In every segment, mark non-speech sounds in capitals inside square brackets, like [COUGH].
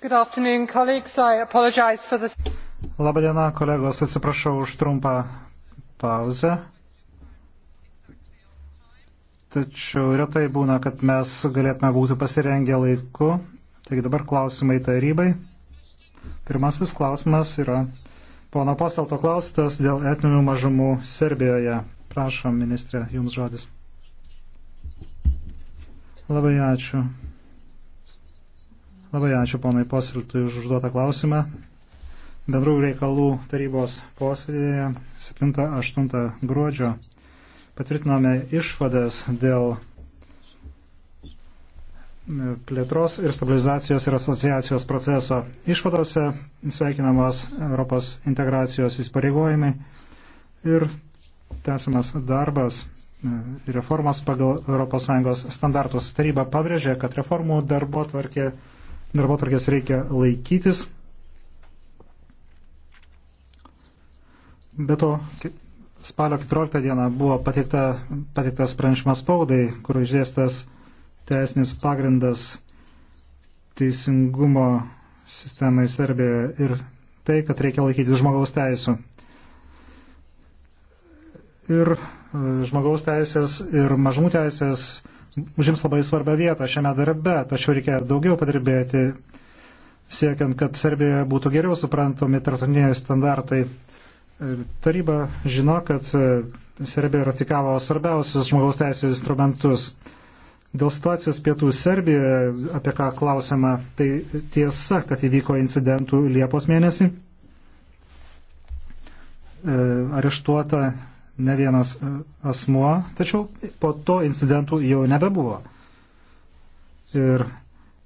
Labadiena, kolegos, atsiprašau už trumpą pauzę. Tačiau retai būna, kad mes galėtume būti pasirengę laiku. Taigi dabar klausimai tarybai. Pirmasis klausimas yra pono Pasalto klausimas dėl etninių mažumų Serbijoje. Prašom, ministrė, jums žodis. Labai ačiū. Labai ačiū ponai Posiltui už užduotą klausimą. Bendrų reikalų tarybos posėdėje 7-8 gruodžio patvirtinome išvadas dėl e, plėtros ir stabilizacijos ir asociacijos proceso. Išvadose sveikinamos Europos integracijos įsipareigojimai ir tęsiamas darbas e, reformas pagal ES standartus. Taryba pabrėžė, kad reformų darbo tvarkė darbo tvarkės reikia laikytis. Be to, spalio 14 dieną buvo pateikta, pateiktas pranešimas spaudai, kur išdėstas teisinis pagrindas teisingumo sistemai Serbijoje ir tai, kad reikia laikytis žmogaus teisų. Ir e, žmogaus teisės ir mažumų teisės užims labai svarbią vietą šiame darbe, tačiau reikia daugiau padirbėti, siekiant, kad Serbijoje būtų geriau suprantami tartuniniai standartai. Taryba žino, kad e, Serbija ratikavo svarbiausius žmogaus teisų instrumentus. Dėl situacijos pietų Serbijoje, apie ką klausima, tai tiesa, kad įvyko incidentų Liepos mėnesį. E, areštuota ne vienas e, asmuo, tačiau po to incidentų jau nebebuvo. Ir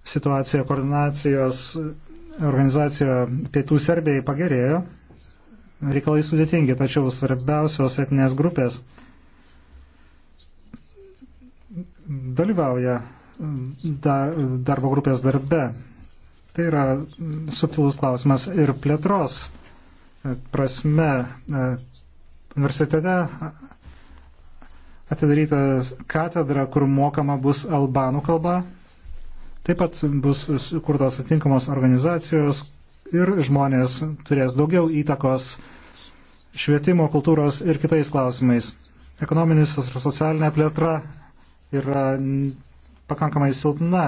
situacija koordinacijos e, organizacijoje Pietų Serbijai pagerėjo, reikalai sudėtingi, tačiau svarbiausios etinės grupės dalyvauja e, darbo grupės darbe. Tai yra subtilus klausimas ir plėtros prasme universitete atidaryta katedra, kur mokama bus albanų kalba. Taip pat bus kurtos atinkamos organizacijos ir žmonės turės daugiau įtakos švietimo, kultūros ir kitais klausimais. Ekonominis ir socialinė plėtra yra pakankamai silpna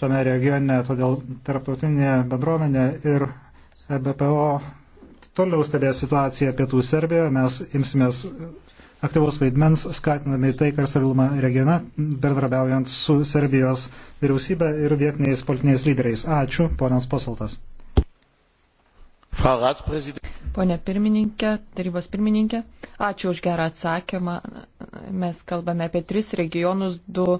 tame regione, todėl tarptautinė bendruomenė ir EBPO toliau stebės situaciją pietų Serbijoje, mes imsimės aktyvaus vaidmens, skatinami taiką ir stabilumą regione, bendrabiaujant su Serbijos vyriausybė ir vietiniais politiniais lyderiais. Ačiū, ponas Posaltas. Pone pirmininkė, tarybos pirmininkė, ačiū už gerą atsakymą. Mes kalbame apie tris regionus, du. 2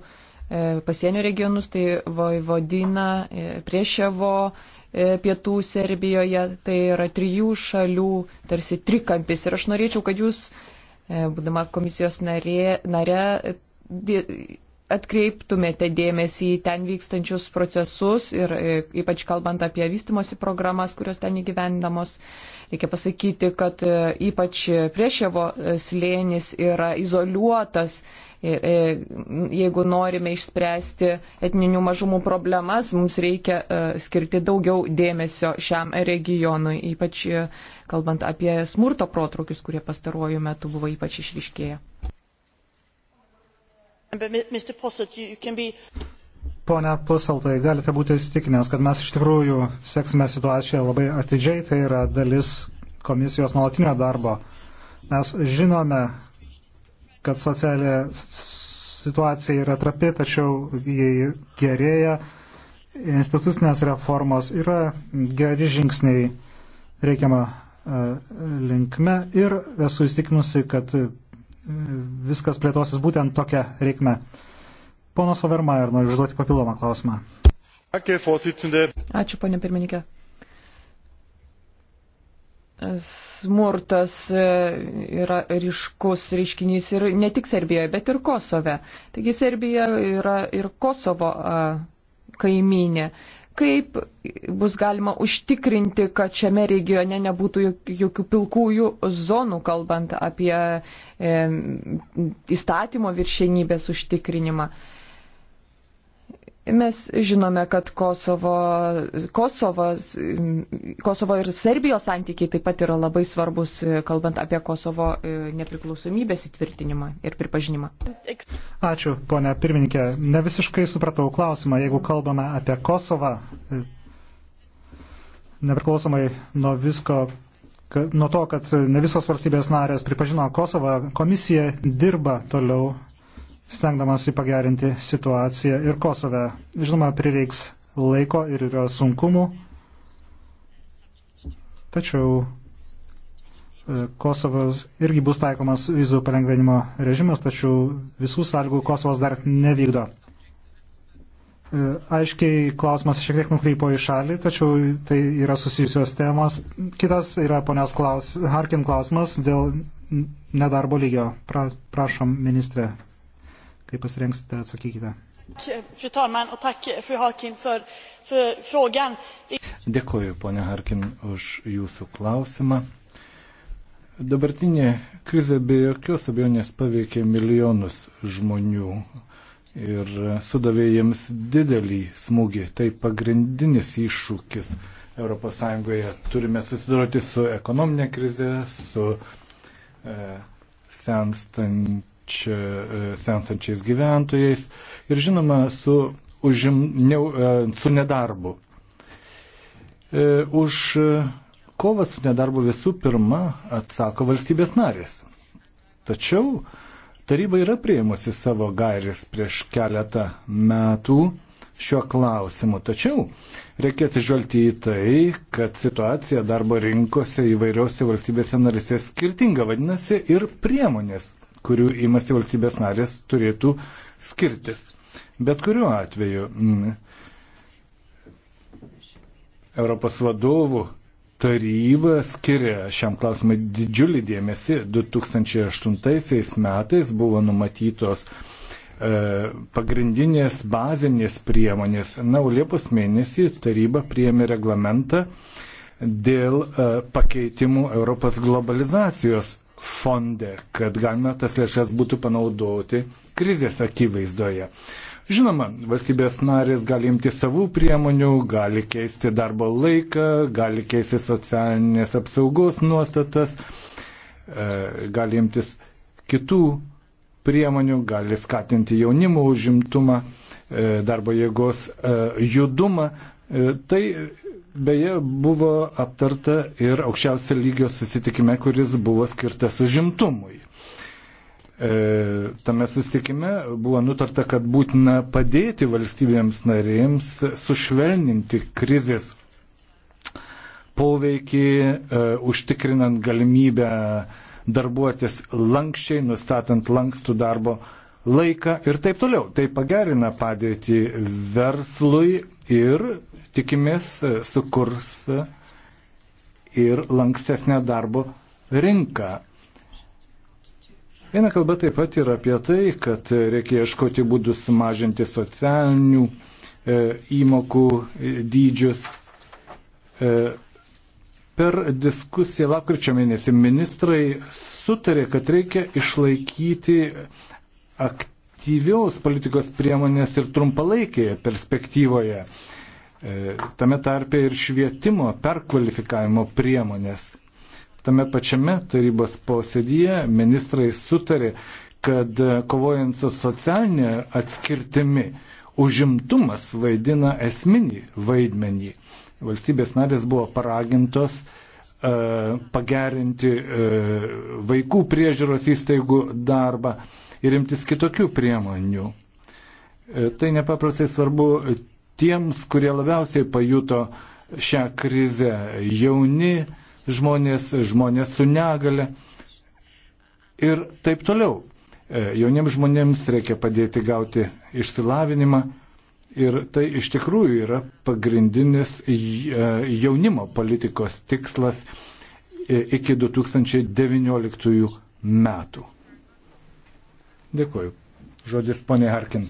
E, pasienio regionus, tai Vojvodina, e, Prieševo, e, Pietų Serbijoje, tai yra trijų šalių tarsi trikampis. Ir aš norėčiau, kad jūs, būdama komisijos narė, narė atkreiptumėte dėmesį į ten vykstančius procesus ir ypač kalbant apie vystimosi programas, kurios ten įgyvendamos. Reikia pasakyti, kad ypač priešėvo slėnis yra izoliuotas E, e, jeigu norime išspręsti etninių mažumų problemas, mums reikia e, skirti daugiau dėmesio šiam regionui, ypač kalbant apie smurto protrukius, kurie pastaruoju metu buvo ypač išriškėję. Pone Pusaltai, galite būti įstikinęs, kad mes iš tikrųjų seksime situaciją labai atidžiai, tai yra dalis komisijos nuolatinio darbo. Mes žinome, kad socialinė situacija yra trapi, tačiau jie gerėja. Institucinės reformos yra geri žingsniai reikiama e, linkme ir esu įstikinusi, kad e, viskas plėtosis būtent tokia reikme. Ponas Overmaier, noriu užduoti papildomą klausimą. Ačiū, ponė pirmininkė smurtas e, yra ryškus reiškinys ir ne tik Serbijoje, bet ir Kosove. Taigi Serbija yra ir Kosovo e, kaiminė. Kaip bus galima užtikrinti, kad šiame regione nebūtų jokių pilkųjų zonų, kalbant apie e, įstatymo viršenybės užtikrinimą? E, Mes žinome, kad Kosovo, Kosovas, Kosovo ir Serbijos santykiai taip pat yra labai svarbus, kalbant apie Kosovo e, nepriklausomybės įtvirtinimą ir pripažinimą. Ačiū, ponia pirmininkė. Ne visiškai supratau klausimą. Jeigu kalbame apie Kosovą, e, nepriklausomai nuo visko, nuo to, kad ne visos valstybės narės pripažino Kosovą, komisija dirba toliau stengdamasi pagerinti situaciją ir Kosove. Žinoma, prireiks laiko ir yra sunkumų, tačiau e, Kosovas irgi bus taikomas vizų palengvenimo režimas, tačiau visų sąlygų Kosovas dar nevykdo. E, aiškiai, klausimas šiek tiek nukreipo į šalį, tačiau tai yra susijusios temos. Kitas yra ponios klaus, Harkin klausimas dėl nedarbo lygio. Pra, prašom, ministrė. Kai pasirengsite, atsakykite. Dėkuoju, ponia Harkin, už jūsų klausimą. Dabartinė krizė be jokios abejonės paveikė milijonus žmonių ir sudavė jiems didelį smūgį. Tai pagrindinis iššūkis ES. Turime susidoroti su ekonominė krize, su e, senstant ypač e, sensančiais gyventojais ir žinoma su, užim, ne, e, su nedarbu. E, už kovą su nedarbu visų pirma atsako valstybės narės. Tačiau taryba yra prieimusi savo gairis prieš keletą metų šiuo klausimu. Tačiau reikia atsižvelgti į tai, kad situacija darbo rinkose įvairiose valstybėse narėse skirtinga, vadinasi, ir priemonės kurių imasi valstybės narės, turėtų skirtis. Bet kuriuo atveju m, mm, Europos vadovų taryba skiria šiam klausimui didžiulį dėmesį. 2008 metais buvo numatytos e, pagrindinės bazinės priemonės. Na, o Liepos mėnesį taryba priėmė reglamentą dėl e, pakeitimų Europos globalizacijos fonde, kad galima tas lėšas būtų panaudoti krizės akivaizdoje. Žinoma, valstybės narės gali imti savų priemonių, gali keisti darbo laiką, gali keisti socialinės apsaugos nuostatas, e, gali imtis kitų priemonių, gali skatinti jaunimo užimtumą, e, darbo jėgos e, judumą. Tai beje buvo aptarta ir aukščiausio lygio susitikime, kuris buvo skirtas užimtumui. E, tame susitikime buvo nutarta, kad būtina padėti valstybėms narėms sušvelninti krizės poveikį, e, užtikrinant galimybę darbuotis lankščiai, nustatant lankstų darbo laiką ir taip toliau. Tai pagerina padėtį verslui ir tikimės e, sukurs e, ir lankstesnę darbo rinką. Viena kalba taip pat yra apie tai, kad reikia ieškoti būdų sumažinti socialinių e, įmokų e, dydžius. E, per diskusiją lapkričio mėnesį ministrai sutarė, kad reikia išlaikyti aktyvios politikos priemonės ir trumpalaikėje perspektyvoje. E, E, tame tarpe ir švietimo perkvalifikavimo priemonės. Tame pačiame tarybos posėdyje ministrai sutarė, kad e, kovojant su socialinė atskirtimi, užimtumas vaidina esminį vaidmenį. Valstybės narės buvo paragintos e, pagerinti e, vaikų priežiūros įstaigų darbą ir imtis kitokių priemonių. E, tai nepaprastai svarbu tiems, kurie labiausiai pajuto šią krizę - jauni žmonės, žmonės su negale ir taip toliau. E, jauniems žmonėms reikia padėti gauti išsilavinimą ir tai iš tikrųjų yra pagrindinis e, jaunimo politikos tikslas e, iki 2019 metų. Dėkuoju. Žodis ponė Harkin.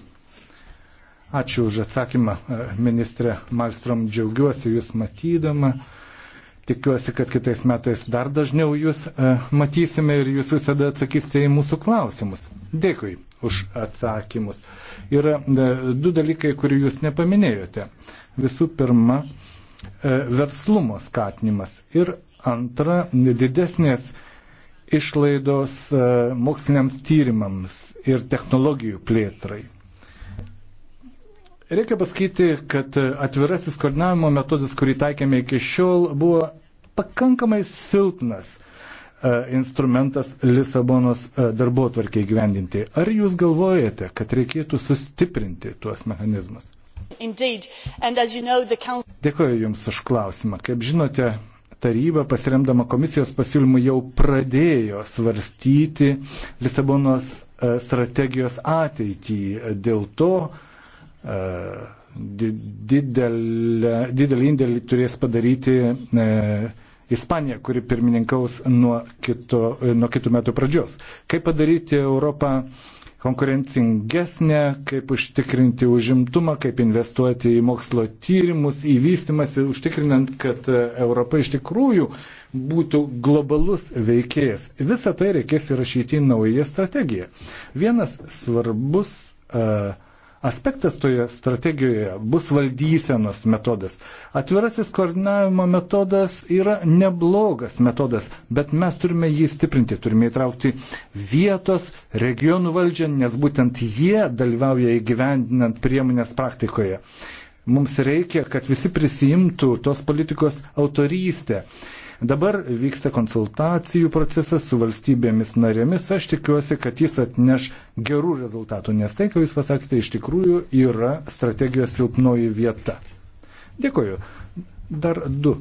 Ačiū už atsakymą, e, ministrė Malstrom, džiaugiuosi jūs matydama. Tikiuosi, kad kitais metais dar dažniau jūs e, matysime ir jūs visada atsakysite į mūsų klausimus. Dėkui už atsakymus. Yra e, du dalykai, kurių jūs nepaminėjote. Visų pirma, verslumo skatinimas ir antra, didesnės išlaidos moksliniams tyrimams ir technologijų plėtrai. Reikia pasakyti, kad atvirasis koordinavimo metodas, kurį taikėme iki šiol, buvo pakankamai silpnas e, instrumentas Lisabonos e, darbo tvarkiai gyvendinti. Ar jūs galvojate, kad reikėtų sustiprinti tuos mechanizmus? Indeed, you know, the... Dėkoju Jums už klausimą. Kaip žinote, taryba pasiremdama komisijos pasiūlymų jau pradėjo svarstyti Lisabonos e, strategijos ateitį. Dėl to Didelį, didelį indėlį turės padaryti e, Ispanija, kuri pirmininkaus nuo, kito, e, nuo kitų metų pradžios. Kaip padaryti Europą konkurencingesnę, kaip užtikrinti užimtumą, kaip investuoti į mokslo tyrimus, į vystimąsi, užtikrinant, kad e, Europa iš tikrųjų būtų globalus veikėjas. Visą tai reikės įrašyti į naują strategiją. Vienas svarbus uh, aspektas toje strategijoje bus valdysenos metodas. Atvirasis koordinavimo metodas yra neblogas metodas, bet mes turime jį stiprinti, turime įtraukti vietos, regionų valdžią, nes būtent jie dalyvauja įgyvendinant priemonės praktikoje. Mums reikia, kad visi prisijimtų tos politikos autorystę. Dabar vyksta konsultacijų procesas su valstybėmis narėmis. Aš tikiuosi, kad jis atneš gerų rezultatų, nes tai, ką Jūs pasakėte, iš tikrųjų yra strategijos silpnoji vieta. Dėkoju. Dar du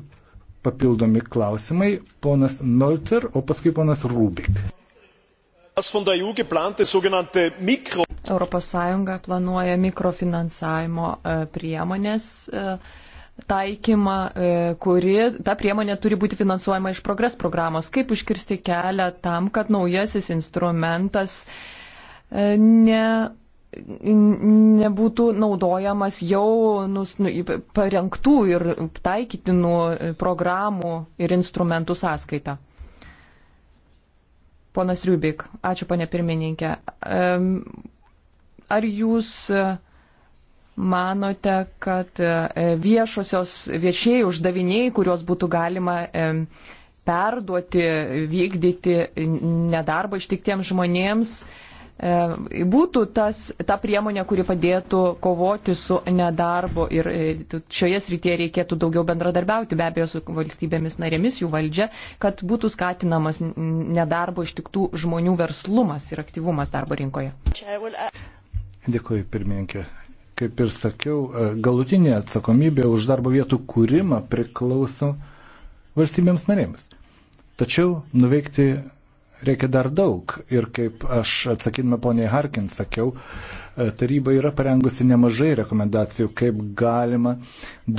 papildomi klausimai. Ponas Nolcer, o paskui ponas Rubik. E Europos Sąjunga planuoja mikrofinansavimo e, priemonės e, taikymą, e, kuri, ta priemonė turi būti finansuojama iš progres programos. Kaip užkirsti kelią tam, kad naujasis instrumentas e, ne, nebūtų naudojamas jau nus, nu, parengtų ir taikytinų e, programų ir instrumentų sąskaita. Ponas Riubik, ačiū ponė pirmininkė. Ar jūs manote, kad e, viešosios, viešieji uždaviniai, kuriuos būtų galima e, perduoti, vykdyti nedarbo ištiktiems žmonėms, e, būtų tas, ta priemonė, kuri padėtų kovoti su nedarbu ir šioje srityje reikėtų daugiau bendradarbiauti be abejo su valstybėmis narėmis, jų valdžia, kad būtų skatinamas nedarbo ištiktų žmonių verslumas ir aktyvumas darbo rinkoje. Dėkuoju, pirmininkė. Kaip ir sakiau, e, galutinė atsakomybė už darbo vietų kūrimą priklauso valstybėms narėms. Tačiau nuveikti reikia dar daug. Ir kaip aš atsakydama poniai Harkin sakiau, e, taryba yra parengusi nemažai rekomendacijų, kaip galima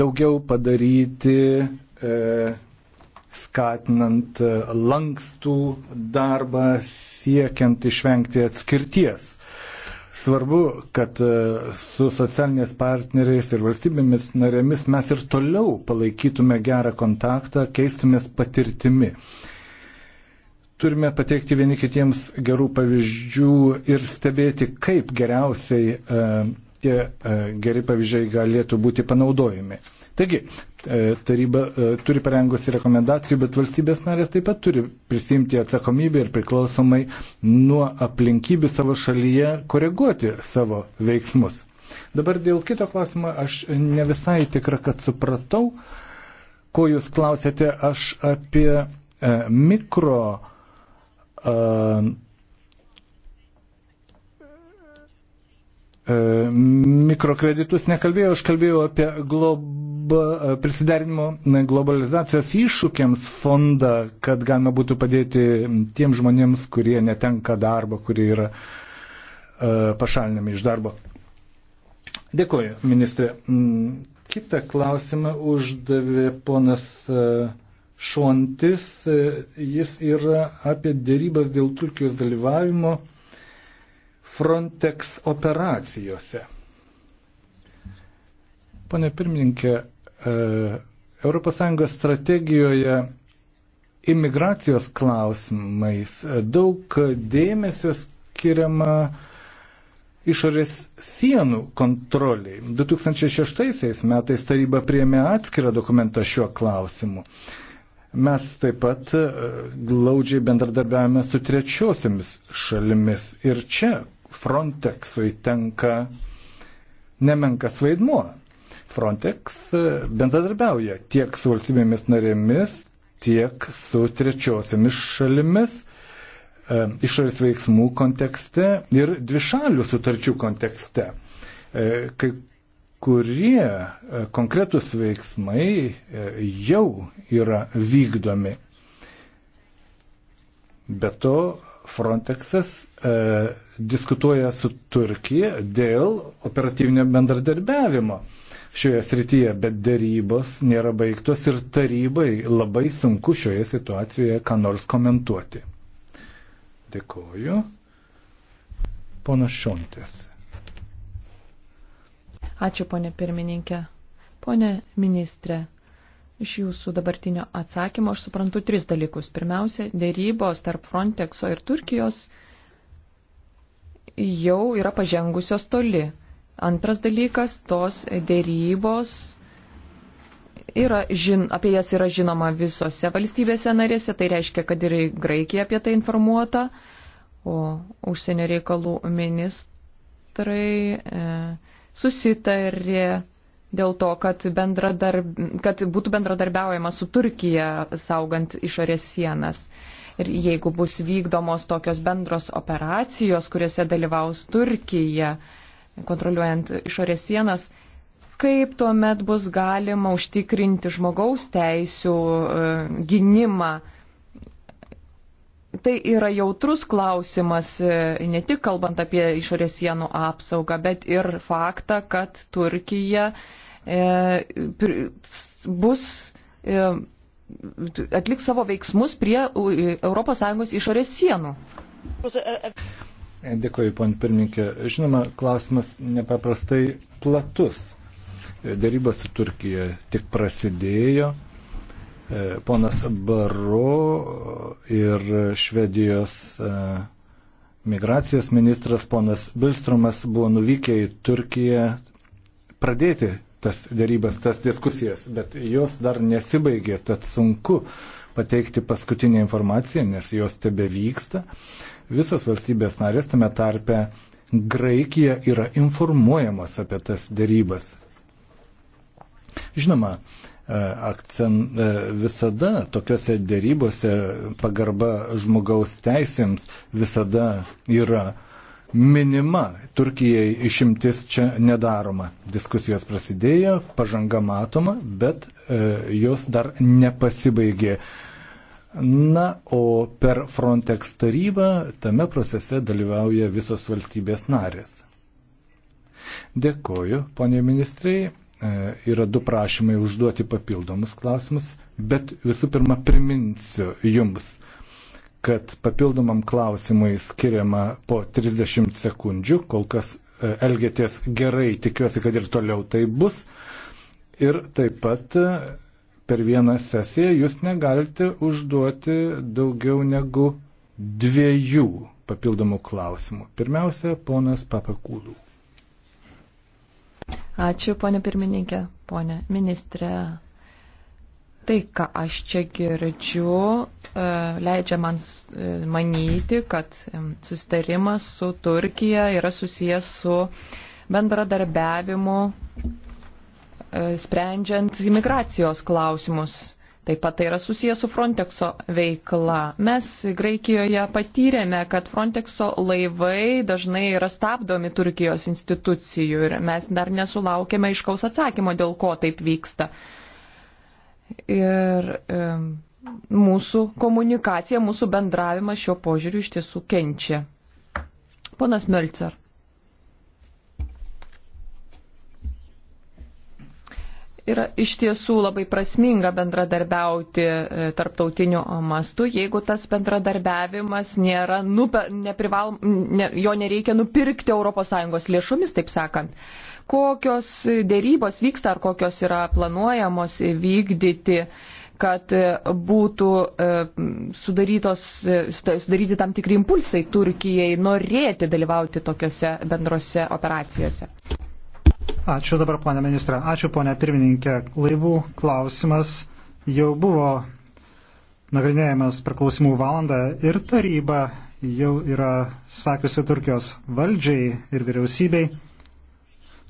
daugiau padaryti, e, skatinant e, lankstų darbą, siekiant išvengti atskirties. Svarbu, kad e, su socialiniais partneriais ir valstybėmis narėmis mes ir toliau palaikytume gerą kontaktą, keistumės patirtimi. Turime pateikti vieni kitiems gerų pavyzdžių ir stebėti, kaip geriausiai e, tie e, geri pavyzdžiai galėtų būti panaudojami. Taigi, e, taryba e, turi parengusi rekomendacijų, bet valstybės narės taip pat turi prisimti atsakomybę ir priklausomai nuo aplinkybių savo šalyje koreguoti savo veiksmus. Dabar dėl kito klausimo aš ne visai tikra, kad supratau, ko jūs klausėte, aš apie e, mikro e, e mikrokreditus nekalbėjau, aš kalbėjau apie globą globa, e, prisiderinimo e, globalizacijos iššūkiams fondą, kad galima būtų padėti tiem žmonėms, kurie netenka darbo, kurie yra e, pašalinami iš darbo. Dėkuoju, ministrė. Mm, Kita klausimą uždavė ponas Šontis. Jis yra apie dėrybas dėl Turkijos dalyvavimo Frontex operacijose. Pone pirmininkė, ES strategijoje imigracijos klausimais e, daug dėmesio skiriama išorės sienų kontroliai. 2006 metais taryba priėmė atskirą dokumentą šiuo klausimu. Mes taip pat e, glaudžiai bendradarbiavame su trečiosiamis šalimis ir čia Frontexui tenka nemenkas vaidmuo. Frontex bendradarbiauja tiek su valstybėmis narėmis, tiek su trečiosiamis šalimis e, išorės veiksmų kontekste ir dvišalių sutarčių kontekste. E, kai kurie e, konkretus veiksmai jau yra vykdomi. Be to, Frontexas diskutuoja su Turkija dėl operatyvinio bendradarbiavimo šioje srityje, bet dėrybos nėra baigtos ir tarybai labai sunku šioje situacijoje ką nors komentuoti. Dėkoju. Pona Šontis. Ačiū, ponė pirmininkė. Pone ministrė, iš jūsų dabartinio atsakymo aš suprantu tris dalykus. Pirmiausia, dėrybos tarp Frontexo ir Turkijos jau yra pažengusios toli. Antras dalykas, tos dėrybos yra žin, apie jas yra žinoma visose valstybėse narėse, tai reiškia, kad ir Graikija apie tai informuota, o užsienio reikalų ministrai e, susitarė dėl to, kad, bendradarb, kad būtų bendradarbiaujama su Turkija saugant išorės sienas. Ir jeigu bus vykdomos tokios bendros operacijos, kuriuose dalyvaus Turkija, e, kontroliuojant išorės sienas, kaip tuomet bus galima užtikrinti žmogaus teisų e, gynimą. Tai yra jautrus klausimas, e, ne tik kalbant apie išorės sienų apsaugą, bet ir faktą, kad Turkija e, bus e, atliks savo veiksmus prie ES išorės sienų. Dėkoju, ponė pirmininkė. Žinoma, klausimas nepaprastai platus. Darybas su Turkija tik prasidėjo. E, ponas Baro ir Švedijos e, migracijos ministras ponas Bilstromas buvo nuvykę į Turkiją pradėti tas darybas, tas diskusijas, bet jos dar nesibaigė, tad sunku pateikti paskutinę informaciją, nes jos tebe vyksta. Visos valstybės narės tame tarpe Graikija yra informuojamas apie tas dėrybas. Žinoma, e, akcent, e, visada tokiuose dėrybose pagarba žmogaus teisėms visada yra minima. Turkijai išimtis čia nedaroma. Diskusijos prasidėjo, pažanga matoma, bet e, jos dar nepasibaigė. E, Na, o per Frontex tarybą tame procese dalyvauja visos valstybės narės. Dėkoju, ponė ministrai. E, yra du prašymai užduoti papildomus klausimus, bet visų pirma priminsiu jums, kad papildomam klausimui skiriama po 30 sekundžių, kol kas e, elgėtės gerai, tikiuosi, kad ir toliau tai bus. Ir taip pat per vieną sesiją jūs negalite užduoti daugiau negu dviejų papildomų klausimų. Pirmiausia, ponas Papakūlų. Ačiū, ponė pirmininkė, ponė ministrė. Tai, ką aš čia girdžiu, e, leidžia man e, manyti, kad susitarimas su Turkija yra susijęs su bendradarbiavimu E, sprendžiant imigracijos klausimus. Taip pat tai yra susijęs su Frontexo veikla. Mes Graikijoje patyrėme, kad Frontexo laivai dažnai yra stabdomi Turkijos institucijų ir mes dar nesulaukėme iškaus atsakymo, dėl ko taip vyksta. Ir e, mūsų komunikacija, mūsų bendravimas šiuo požiūriu iš tiesų kenčia. Ponas Melcer. yra iš tiesų labai prasminga bendradarbiauti e, tarptautiniu mastu, jeigu tas bendradarbiavimas nėra, nupe, neprival, ne, jo nereikia nupirkti ES lėšomis, taip sakant. Kokios dėrybos vyksta ar kokios yra planuojamos vykdyti, kad e, būtų e, sudaryti tam tikri impulsai Turkijai norėti dalyvauti tokiuose bendrose operacijose. Ačiū dabar, ponė ministra. Ačiū, ponė pirmininkė. Laivų klausimas jau buvo nagrinėjamas per klausimų valandą ir taryba jau yra sakiusi Turkijos valdžiai ir vyriausybei,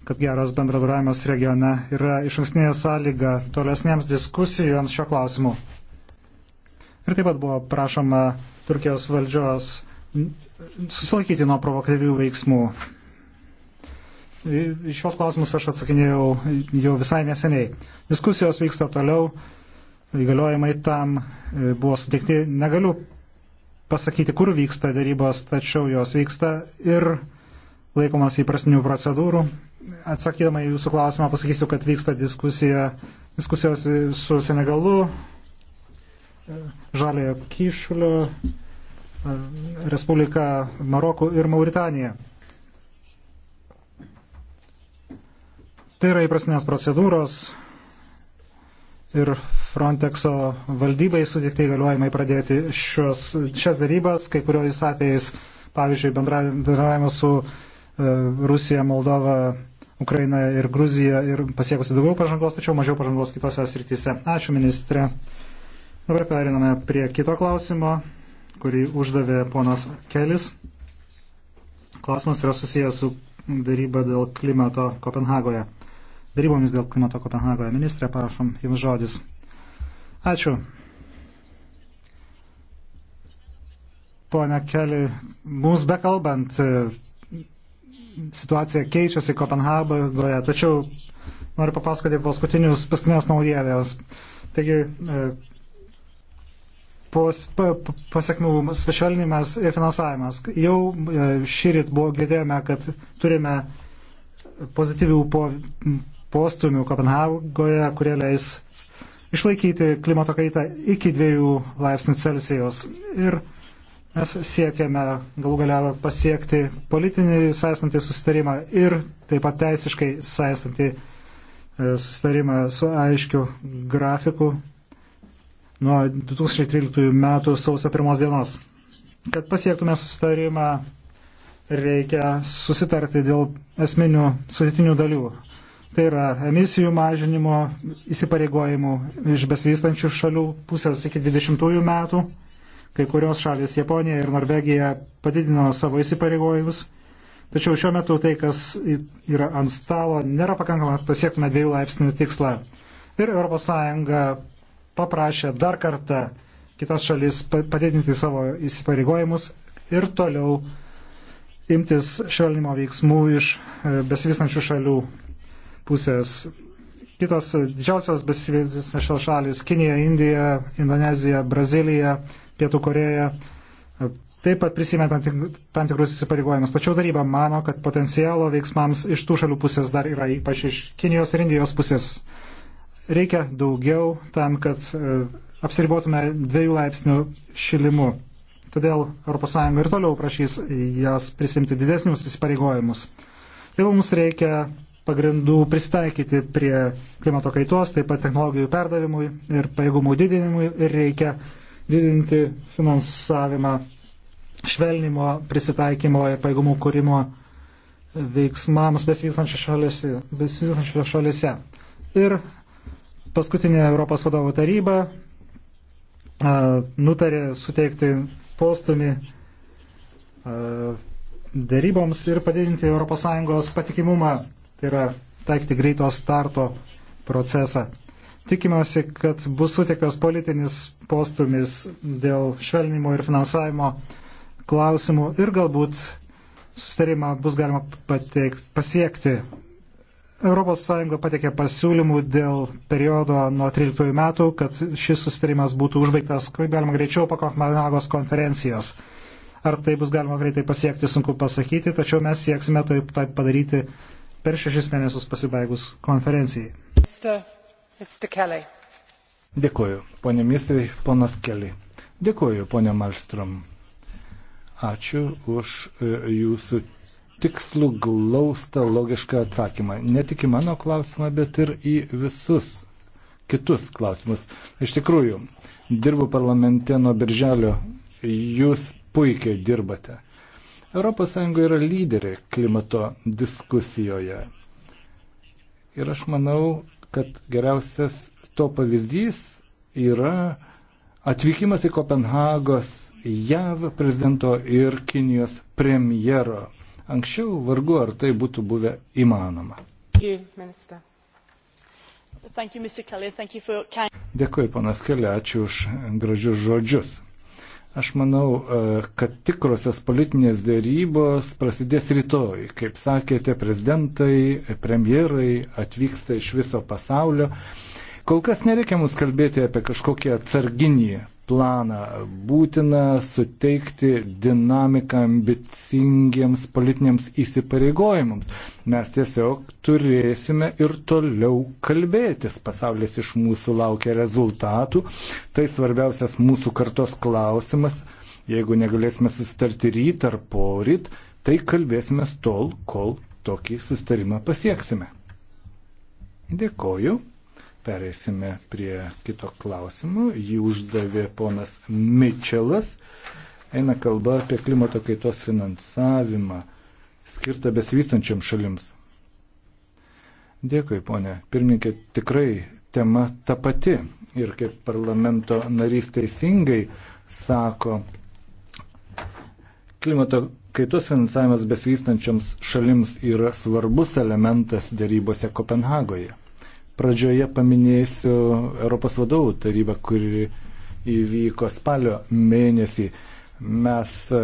kad geras bendradarbiavimas regione yra iš ankstinė sąlyga tolesnėms diskusijoms šio klausimu. Ir taip pat buvo prašoma Turkijos valdžios susilaikyti nuo provokatyvių veiksmų. Iš šios klausimus aš atsakinėjau jau visai neseniai. Diskusijos vyksta toliau, įgaliojimai tam e, buvo suteikti. Negaliu pasakyti, kur vyksta darybos, tačiau jos vyksta ir laikomas įprastinių procedūrų. Atsakydama į jūsų klausimą pasakysiu, kad vyksta diskusija, diskusijos su Senegalu, e, Žaliojo Kyšulio, e, Respublika Maroku ir Mauritanija. Tai yra įprastinės procedūros ir Frontexo valdybai suteikti įgaliojimai pradėti šios, šias darybas, kai kuriais atvejais, pavyzdžiui, bendravimas su e, Rusija, Moldova, Ukraina ir Gruzija ir pasiekusi daugiau pažangos, tačiau mažiau pažangos kitose srityse. Ačiū, ministrė. Dabar periname prie kito klausimo, kurį uždavė ponas Kelis. Klausimas yra susijęs su daryba dėl klimato Kopenhagoje darybomis dėl klimato Kopenhagoje. Ministrė, parašom Jums žodis. Ačiū. Pone Keli, mums bekalbant, situacija keičiasi Kopenhagoje, tačiau noriu papasakoti paskutinius, paskutinės naujienos. Taigi, e, pos, pa, pasiekmių svešvelnimas ir finansavimas. Jau e, šį rytą buvo girdėjome, kad turime pozityvių po, postumių Kopenhagoje, kurie leis išlaikyti klimato kaitą iki 2 laipsnių Celsijos. Ir mes siekiame galų galia pasiekti politinį saistantį susitarimą ir taip pat teisiškai saistantį e, susitarimą su aiškiu grafiku nuo 2013 metų sausio pirmos dienos. Kad pasiektume susitarimą, reikia susitarti dėl esminių sudėtinių dalių. Tai yra emisijų mažinimo įsipareigojimų iš besvystančių šalių pusės iki 20 metų. Kai kurios šalis Japonija ir Norvegija padidino savo įsipareigojimus. Tačiau šiuo metu tai, kas yra ant stalo, nėra pakankama, pasiektume dviejų laipsnių tikslą. Ir ES paprašė dar kartą kitas šalis padidinti savo įsipareigojimus ir toliau imtis švelnimo veiksmų iš e, besivystančių šalių pusės. Kitos didžiausios besivystančios šalis - Kinija, Indija, Indonezija, Brazilija, Pietų Koreja - taip pat prisimė tam tikrus įsipareigojimus. Tačiau taryba mano, kad potencialo veiksmams iš tų šalių pusės dar yra, ypač iš Kinijos ir Indijos pusės. Reikia daugiau tam, kad e, apsiribotume dviejų laipsnių šilimu. Todėl ES ir toliau prašys jas prisimti didesnius įsipareigojimus. Todėl mums reikia pagrindų pristaikyti prie klimato kaitos, taip pat technologijų perdavimui ir pajėgumų didinimui ir reikia didinti finansavimą švelnimo, prisitaikymo ir pajėgumų kūrimo veiksmams besivystančiose šalise. Ir paskutinė Europos vadovų taryba a, nutarė suteikti postumį a, dėryboms ir padidinti ES patikimumą tai yra taikyti greito starto procesą. Tikimasi, kad bus sutiktas politinis postumis dėl švelnimo ir finansavimo klausimų ir galbūt sustarimą bus galima pateikti, pasiekti. ES pateikė pasiūlymų dėl periodo nuo 13 metų, kad šis sustarimas būtų užbaigtas, kaip galima greičiau po Kopenhagos konferencijos. Ar tai bus galima greitai pasiekti, sunku pasakyti, tačiau mes sieksime tai, tai padaryti per šešis mėnesius pasibaigus konferencijai. Mr. Mr. Kelly. Dėkuoju, ponė ministrai, ponas Keli. Dėkuoju, ponė Malstrom. Ačiū už e, jūsų tikslų glaustą logišką atsakymą. Ne tik į mano klausimą, bet ir į visus kitus klausimus. Iš tikrųjų, dirbu parlamente nuo birželio, jūs puikiai dirbate. ES yra lyderė klimato diskusijoje. Ir aš manau, kad geriausias to pavyzdys yra atvykimas į Kopenhagos JAV prezidento ir Kinijos premjero. Anksčiau vargu ar tai būtų buvę įmanoma. Dėkui, panas Kelė, ačiū už gražius žodžius. Aš manau, e, kad tikrosios politinės dėrybos prasidės rytoj. Kaip sakėte, prezidentai, premjerai atvyksta iš viso pasaulio. Kol kas nereikia mums kalbėti apie kažkokį atsarginį planą. Būtina suteikti dinamiką ambicingiems politiniams įsipareigojimams. Mes tiesiog turėsime ir toliau kalbėtis. Pasaulis iš mūsų laukia rezultatų. Tai svarbiausias mūsų kartos klausimas. Jeigu negalėsime susitarti ryt ar poryt, tai kalbėsime tol, kol tokį sustarimą pasieksime. Dėkoju pereisime prie kito klausimo. Jį uždavė ponas Mitčelas. Eina kalba apie klimato kaitos finansavimą skirtą besivystančiam šalims. Dėkui, ponė. Pirmininkė, tikrai tema ta pati. Ir kaip parlamento narys teisingai sako, klimato kaitos finansavimas besivystančiams šalims yra svarbus elementas dėrybose Kopenhagoje. Pradžioje paminėsiu Europos vadovų tarybą, kuri įvyko spalio mėnesį. Mes e,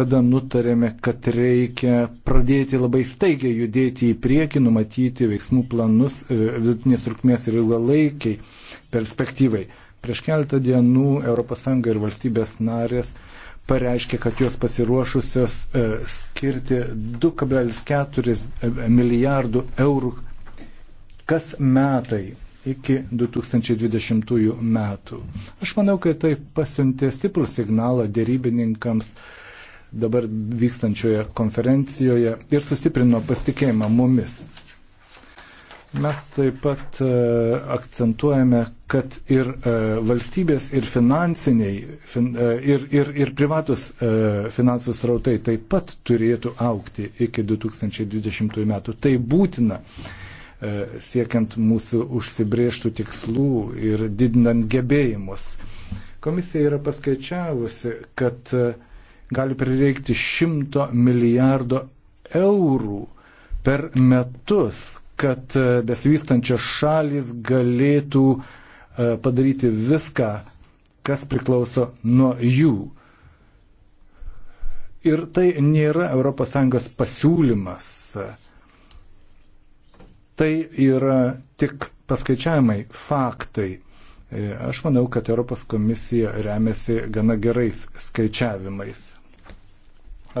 tada nutarėme, kad reikia pradėti labai staigiai judėti į priekį, numatyti veiksmų planus e, vidutinės trukmės ir ilgalaikiai perspektyvai. Prieš keletą dienų ES ir valstybės narės pareiškė, kad jos pasiruošusios e, skirti 2,4 milijardų eurų kas metai iki 2020 metų. Aš manau, kad tai pasiuntė stiprų signalą dėrybininkams dabar vykstančioje konferencijoje ir sustiprino pasitikėjimą mumis. Mes taip pat e, akcentuojame, kad ir e, valstybės, ir finansiniai, e, ir, ir, ir privatus finansų srautai taip pat turėtų aukti iki 2020 metų. Tai būtina E, siekiant mūsų užsibrieštų tikslų ir didinant gebėjimus. Komisija yra paskaičiavusi, kad e, gali prireikti 100 milijardo eurų per metus, kad e, besivystančios šalis galėtų padaryti viską, kas priklauso nuo jų. Ir tai nėra ES pasiūlymas. Tai yra tik paskaičiavimai, faktai. E, aš manau, kad Europos komisija remiasi gana gerais skaičiavimais.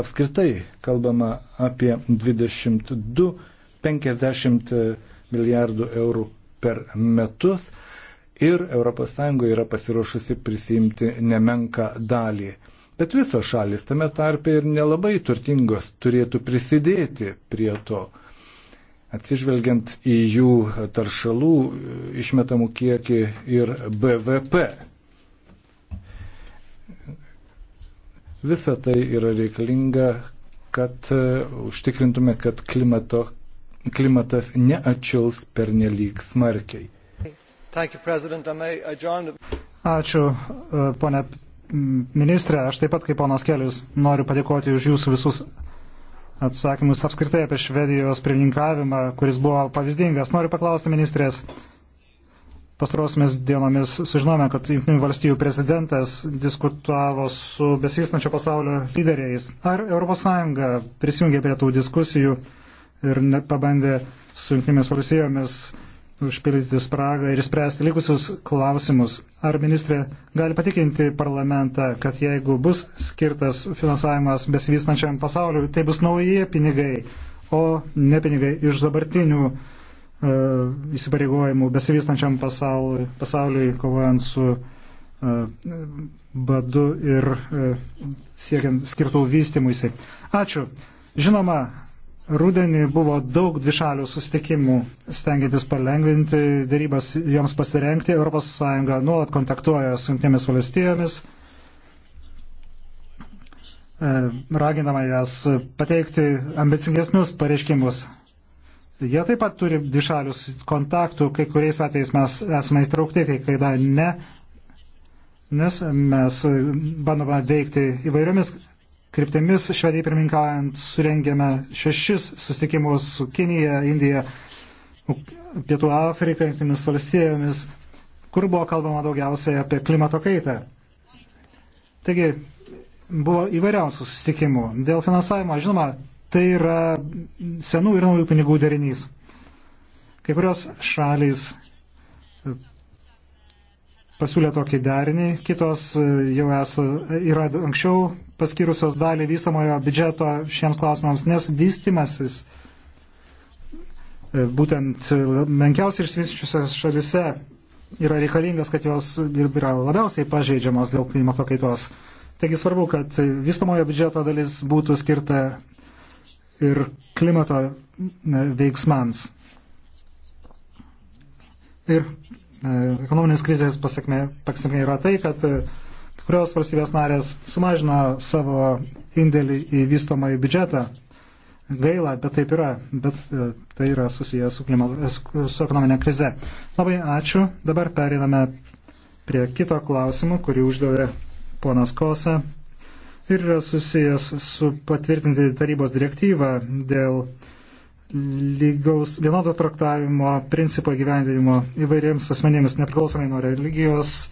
Apskritai kalbama apie 22-50 e, milijardų eurų per metus ir ES yra pasiruošusi prisimti nemenką dalį. Bet visos šalis tame tarpe ir nelabai turtingos turėtų prisidėti prie to atsižvelgiant į jų taršalų išmetamų kiekį ir BVP. Visa tai yra reikalinga, kad e, užtikrintume, kad klimato, klimatas neatšils per nelik smarkiai. Ačiū, e, ponė ministrė. Aš taip pat kaip ponas Kelius noriu padėkoti už jūsų visus atsakymus apskritai apie Švedijos pirmininkavimą, kuris buvo pavyzdingas. Noriu paklausti ministrės. Pastarosiamis dienomis sužinome, kad Junktinių valstybių prezidentas diskutavo su besivystančio pasaulio lyderiais. Ar ES prisijungė prie tų diskusijų ir net pabandė su Junktinėmis valstybėmis užpildyti spragą ir spręsti likusius klausimus. Ar ministrė gali patikinti parlamentą, kad jeigu bus skirtas finansavimas besivystančiam pasauliu, tai bus nauji pinigai, o ne pinigai iš dabartinių e, įsipareigojimų besivystančiam pasauliui, pasauliui kovojant su e, badu ir e, siekiant skirtų vystimuisi. Ačiū. Žinoma, Rudenį buvo daug dvišalių sustikimų, stengiantis palengvinti dėrybas joms pasirengti. ES nuolat kontaktuoja su jungtinėmis valstijomis, e, ragindama jas pateikti ambicingesnius pareiškimus. Jie taip pat turi dvišalius kontaktų, kai kuriais atvejais mes esame įtraukti, kai kada ne, nes mes bandome veikti įvairiomis kryptimis. Švediai pirmininkaujant surengėme šešis susitikimus su Kinija, Indija, Pietų Afrika, Junktinėmis valstybėmis, kur buvo kalbama daugiausiai apie klimato kaitą. Taigi, buvo įvairiausių susitikimų. Dėl finansavimo, žinoma, tai yra senų ir naujų pinigų derinys. Kai kurios šalys pasiūlė tokį derinį, kitos e, jau esu, e, yra anksčiau paskirusios dalį vystamojo biudžeto šiems klausimams, nes vystimasis e, būtent menkiausiai išsivyščiusios šalise yra reikalingas, kad jos yra labiausiai pažeidžiamos dėl klimato kaitos. Taigi svarbu, kad vystamojo biudžeto dalis būtų skirta ir klimato veiksmams. Ir E, ekonominės krizės pasiekmė, pasiekmė yra tai, kad e, kurios valstybės narės sumažino savo indėlį į vystomą į biudžetą. Gaila, bet taip yra, bet e, tai yra susijęs su, klimato, su ekonominė krize. Labai ačiū. Dabar periname prie kito klausimo, kurį uždavė ponas Kosa ir yra susijęs su patvirtinti tarybos direktyvą dėl lygaus, vienodo traktavimo principo gyvendinimo įvairiems asmenėmis, nepriklausomai nuo religijos,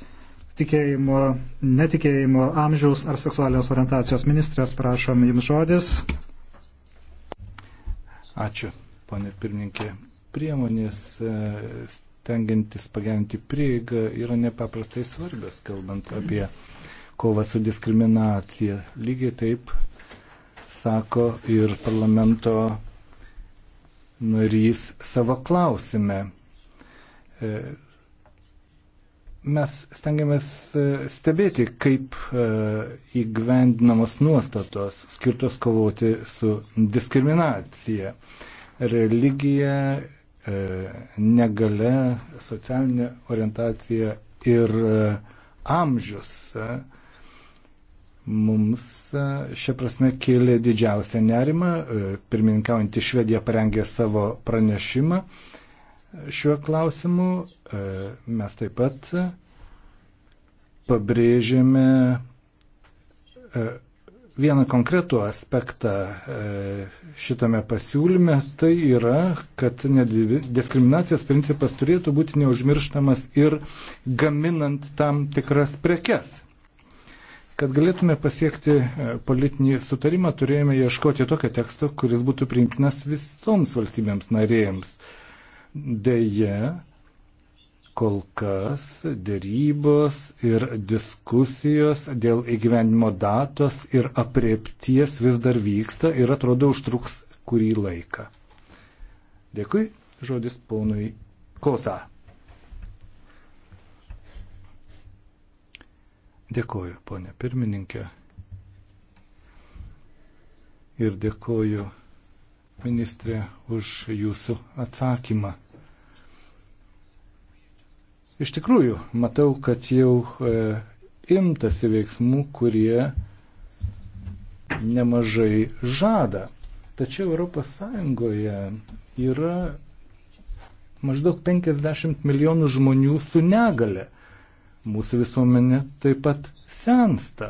tikėjimo, netikėjimo, amžiaus ar seksualinės orientacijos. Ministrė, prašom Jums žodis. Ačiū, ponė pirmininkė. Priemonės e, stengiantis pagerinti prieigą yra nepaprastai svarbios, kalbant apie kovą su diskriminacija. Lygiai taip sako ir parlamento narys savo klausime. E, mes stengiamės e, stebėti, kaip e, įgyvendinamos nuostatos skirtos kovoti su diskriminacija. Religija, negale, socialinė orientacija ir amžius mums e, šia prasme kėlė didžiausią nerimą. E, pirmininkaujantį Švediją parengė savo pranešimą šiuo klausimu. E, mes taip pat pabrėžėme vieną konkretų aspektą šitame pasiūlyme. Tai yra, kad diskriminacijos principas turėtų būti neužmirštamas ir gaminant tam tikras prekes Kad galėtume pasiekti e, politinį sutarimą, turėjome ieškoti tokio teksto, kuris būtų priimtinas visoms valstybėms narėjams. Deja, kol kas dėrybos ir diskusijos dėl įgyvenimo datos ir apriepties vis dar vyksta ir atrodo užtruks kurį laiką. Dėkui, žodis ponui Kosa. Dėkoju, ponė pirmininkė. Ir dėkoju, ministrė, už jūsų atsakymą. Iš tikrųjų, matau, kad jau e, imtasi veiksmų, kurie nemažai žada. Tačiau ES yra maždaug 50 milijonų žmonių su negale. Mūsų visuomenė taip pat sensta.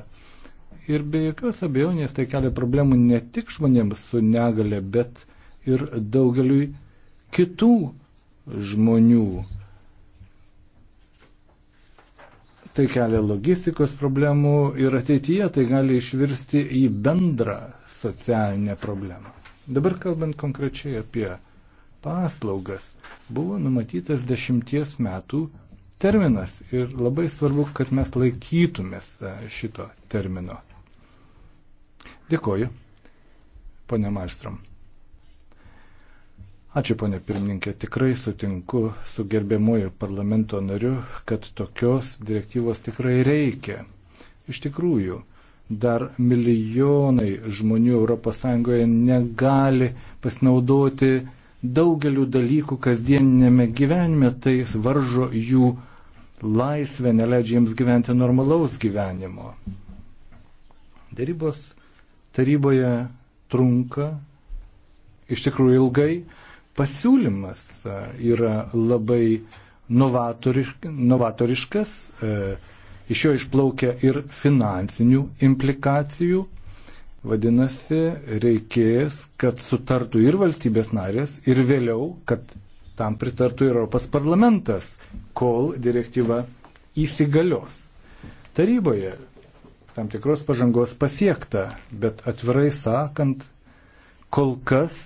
Ir be jokios abejonės tai kelia problemų ne tik žmonėms su negale, bet ir daugeliui kitų žmonių. Tai kelia logistikos problemų ir ateityje tai gali išvirsti į bendrą socialinę problemą. Dabar kalbant konkrečiai apie paslaugas, buvo numatytas dešimties metų terminas ir labai svarbu, kad mes laikytumės e, šito termino. Dėkoju, ponė Marstrom. Ačiū, ponė pirmininkė, tikrai sutinku su gerbiamuoju parlamento nariu, kad tokios direktyvos tikrai reikia. Iš tikrųjų, dar milijonai žmonių ES negali pasinaudoti daugeliu dalykų kasdieninėme gyvenime, tai varžo jų laisvę, neleidžia jiems gyventi normalaus gyvenimo. Darybos taryboje trunka iš tikrųjų ilgai. Pasiūlymas e, yra labai novatoriškas, e, iš jo išplaukia ir finansinių implikacijų Vadinasi, reikės, kad sutartų ir valstybės narės, ir vėliau, kad tam pritartų Europos parlamentas, kol direktyva įsigalios. Taryboje tam tikros pažangos pasiekta, bet atvirai sakant, kol kas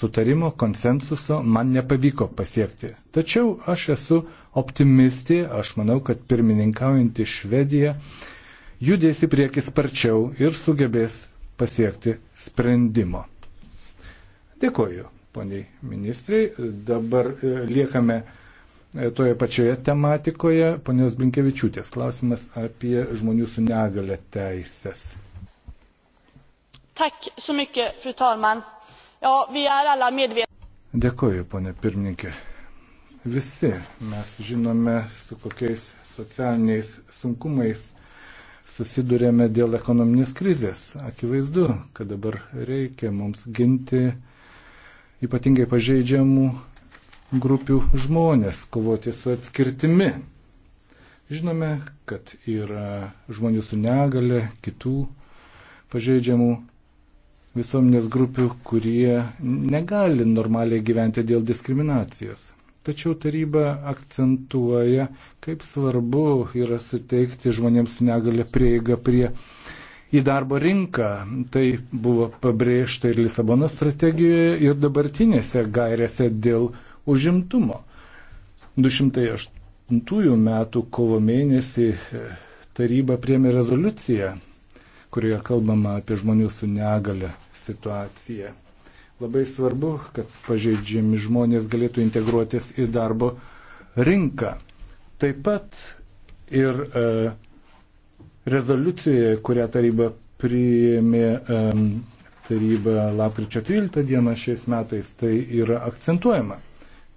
sutarimo, konsensuso man nepavyko pasiekti. Tačiau aš esu optimistė, aš manau, kad pirmininkaujantį Švediją judės į priekį sparčiau ir sugebės pasiekti sprendimo. Dėkoju, poniai ministrai. Dabar e, liekame e, toje pačioje tematikoje. Ponios Blinkevičiūtės klausimas apie žmonių su negale teisės. Tak, so mycket, fru talman. Ja, vi är alla medvetna. Dėkoju, ponė pirmininkė. Visi mes žinome, su kokiais socialiniais sunkumais susidurėme dėl ekonominės krizės. Akivaizdu, kad dabar reikia mums ginti ypatingai pažeidžiamų grupių žmonės, kovoti su atskirtimi. Žinome, kad yra žmonių su negale, kitų pažeidžiamų visuomenės grupių, kurie negali normaliai gyventi dėl diskriminacijos. Tačiau taryba akcentuoja, kaip svarbu yra suteikti žmonėms su negale prieigą prie į darbo rinką. Tai buvo pabrėžta ir Lisabono strategijoje, ir dabartinėse gairėse dėl užimtumo. 208 metų kovo mėnesį e, taryba priemė rezoliuciją, kurioje kalbama apie žmonių su negale situaciją. Labai svarbu, kad pažeidžiami žmonės galėtų integruotis į darbo rinką. Taip pat ir e, rezoliucijoje, kurią taryba priėmė e, taryba lapkričio 13 dieną šiais metais, tai yra akcentuojama.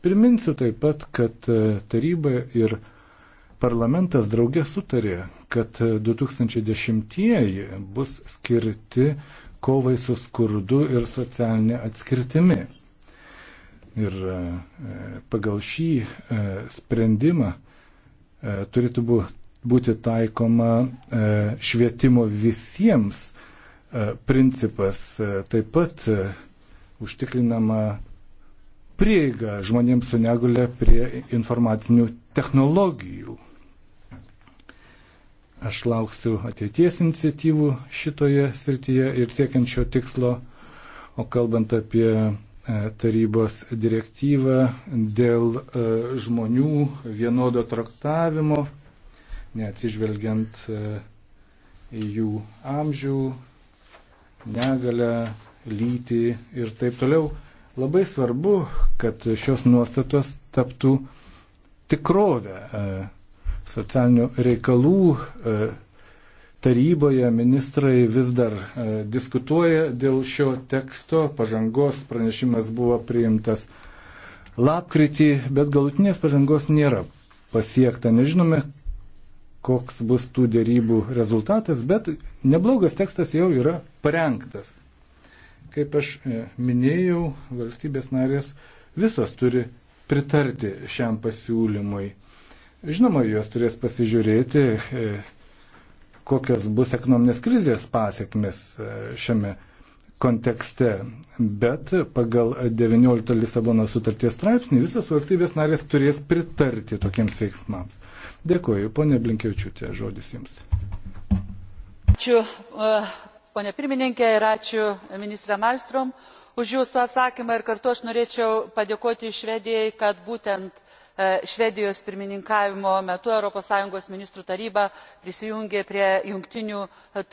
Priminsiu taip pat, kad e, taryba ir parlamentas draugė sutarė, kad 2010-ieji e, bus skirti kovai su skurdu ir socialinė atskirtimi. Ir e, pagal šį e, sprendimą e, turėtų būti taikoma švietimo visiems principas, taip pat užtikrinama prieiga žmonėms su negule prie informacinių technologijų. Aš lauksiu ateities iniciatyvų šitoje srityje ir siekiančio tikslo, o kalbant apie e, tarybos direktyvą dėl e, žmonių vienodo traktavimo, neatsižvelgiant e, į jų amžių, negalę, lytį ir taip toliau. Labai svarbu, kad šios nuostatos taptų tikrovę socialinių reikalų e, taryboje ministrai vis dar e, diskutuoja dėl šio teksto. Pažangos pranešimas buvo priimtas lapkritį, bet galutinės pažangos nėra pasiekta. Nežinome, koks bus tų dėrybų rezultatas, bet neblogas tekstas jau yra parengtas. Kaip aš e, minėjau, valstybės narės visos turi pritarti šiam pasiūlymui. Žinoma, juos turės pasižiūrėti, e, kokios bus ekonominės krizės pasiekmes e, šiame kontekste, bet pagal 19 Lisabono sutarties straipsnį visas valstybės narės turės pritarti tokiems veiksmams. Dėkuoju, ponė Blinkiaučiūtė, žodis jums. Ačiū, e, ponė pirmininkė, ir ačiū ministrė Malstrom už jūsų atsakymą ir kartu aš norėčiau padėkoti švedijai kad būtent e, švedijos pirmininkavimo metu europos sąjungos ministrų taryba prisijungė prie jungtinių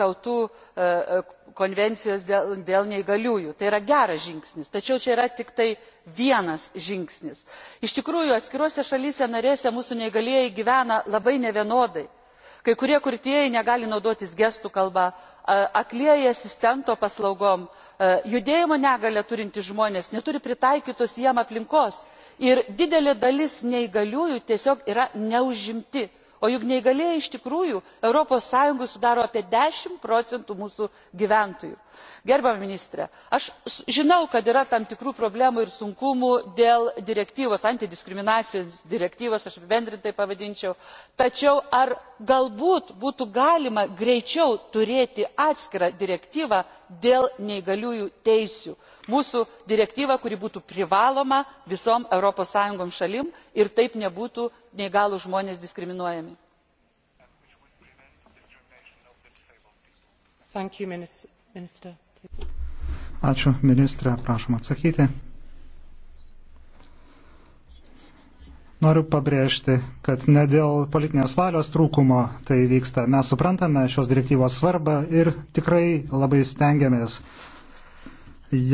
tautų e, e, konvencijos dėl neįgaliųjų. tai yra geras žingsnis tačiau čia yra tik tai vienas žingsnis. iš tikrųjų atskirose šalyse narėse mūsų neįgalieji gyvena labai nevienodai kai kurie kurtieji negali naudotis gestų kalba aklieji asistento paslaugom judėjimo negalią turintys žmonės neturi pritaikytos jiems aplinkos ir didelė dalis neįgaliųjų tiesiog yra neužimti o juk neįgalieji iš tikrųjų europos sąjungoje sudaro apie dešimt procentų mūsų gyventojų gerbiama ministre aš žinau kad yra tam tikrų problemų ir sunkumų dėl direktyvos antidiskriminacijos direktyvos aš apibendrintai pavadinčiau tačiau ar galbūt būtų galima greičiau turėti atskirą direktyvą dėl neįgaliųjų teisių mūsų direktyvą kuri būtų privaloma visoms europos sąjungos šalims ir taip nebūtų neįgalūs žmonės diskriminuojami? Minister. Ačiū, ministrė, prašom atsakyti. Noriu pabrėžti, kad ne dėl politinės valios trūkumo tai vyksta. Mes suprantame šios direktyvos svarbą ir tikrai labai stengiamės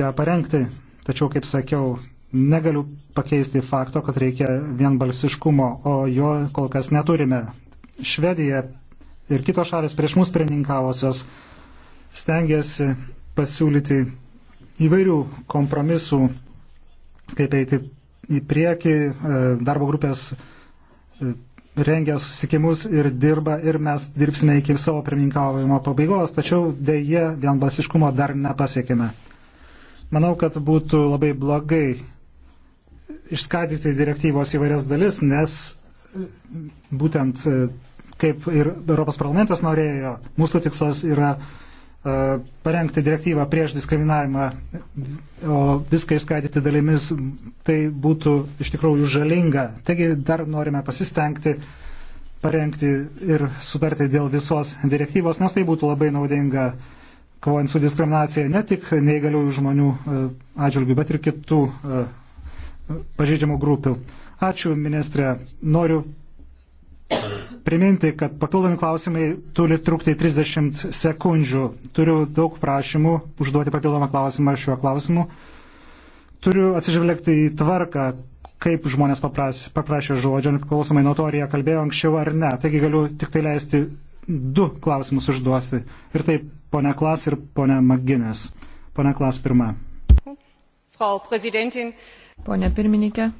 ją parengti. Tačiau, kaip sakiau, negaliu pakeisti fakto, kad reikia vienbalsiškumo, o jo kol kas neturime. Švedija ir kitos šalis prieš mus prieninkavosios stengiasi pasiūlyti įvairių kompromisų, kaip eiti į priekį. E, darbo grupės e, rengia susitikimus ir dirba ir mes dirbsime iki savo pirmininkavimo pabaigos, tačiau dėje vienbalsiškumo dar nepasiekime. Manau, kad būtų labai blogai išskadyti direktyvos įvairias dalis, nes e, būtent kaip ir Europos parlamentas norėjo, mūsų tikslas yra parengti direktyvą prieš diskriminavimą, o viską išskaidyti dalimis, tai būtų iš tikrųjų žalinga. Taigi dar norime pasistengti parengti ir sutarti dėl visos direktyvos, nes tai būtų labai naudinga kovojant su diskriminacija ne tik neįgaliųjų žmonių e, atžvilgių, bet ir kitų e, pažeidžiamų grupių. Ačiū, ministrė. Noriu priminti, kad papildomi klausimai turi trukti 30 sekundžių. Turiu daug prašymų užduoti papildomą klausimą šiuo klausimu. Turiu atsižvelgti į tvarką, kaip žmonės papras, paprašė žodžio, priklausomai nuo to, ar jie kalbėjo anksčiau ar ne. Taigi galiu tik tai leisti du klausimus užduosi. Ir taip, ponia Klas ir ponia Maginės. Ponia Klas pirma. Frau Prezidentin. Ponia pirmininkė,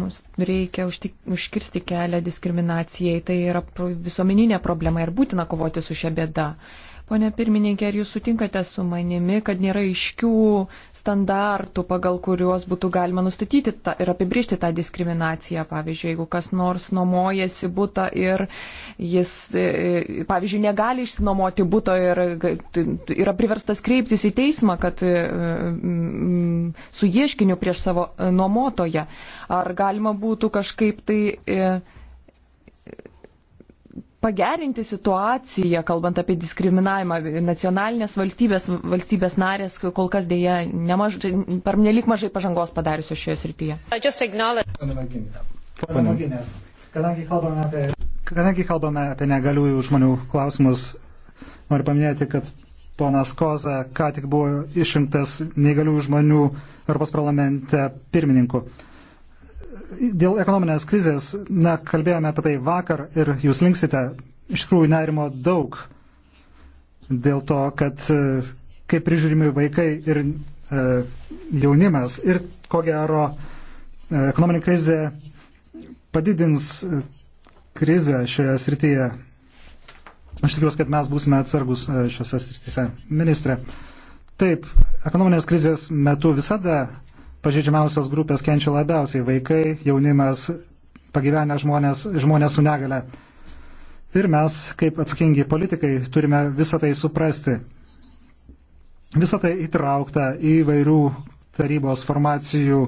Mums reikia užtik, užkirsti kelią diskriminacijai. Tai yra visuomeninė problema ir būtina kovoti su šia bėda. Pone pirmininkė, ar jūs sutinkate su manimi, kad nėra iškių standartų, pagal kuriuos būtų galima nustatyti ta, ir apibriežti tą diskriminaciją? Pavyzdžiui, jeigu kas nors nuomojasi būtą ir jis, e, e, pavyzdžiui, negali išsinuomoti būto ir yra priverstas kreiptis į teismą, kad e, su ieškiniu prieš savo nuomotoje, ar galima būtų kažkaip tai pagerinti situaciją, kalbant apie diskriminavimą. Nacionalinės valstybės, valstybės narės kol kas dėja nemaž, per nelik mažai pažangos padariusios šioje srityje. Kadangi kalbame, apie, kadangi kalbame apie negaliųjų žmonių klausimus, noriu paminėti, kad ponas Koza ką tik buvo išrinktas negaliųjų žmonių Europos parlamente pirmininku dėl ekonominės krizės, na, kalbėjome apie tai vakar ir jūs linksite, iš tikrųjų nerimo daug dėl to, kad e, kaip prižiūrimi vaikai ir e, jaunimas ir ko gero e, ekonominė krizė padidins e, krizę šioje srityje. Aš tikiuosi, kad mes būsime atsargus šiuose srityse. Ministrė, taip, ekonominės krizės metu visada pažeidžiamiausios grupės kenčia labiausiai - vaikai, jaunimas, pagyvenę žmonės, žmonės su negale. Ir mes, kaip atsakingi politikai, turime visą tai suprasti. Visą tai įtraukta į vairių tarybos formacijų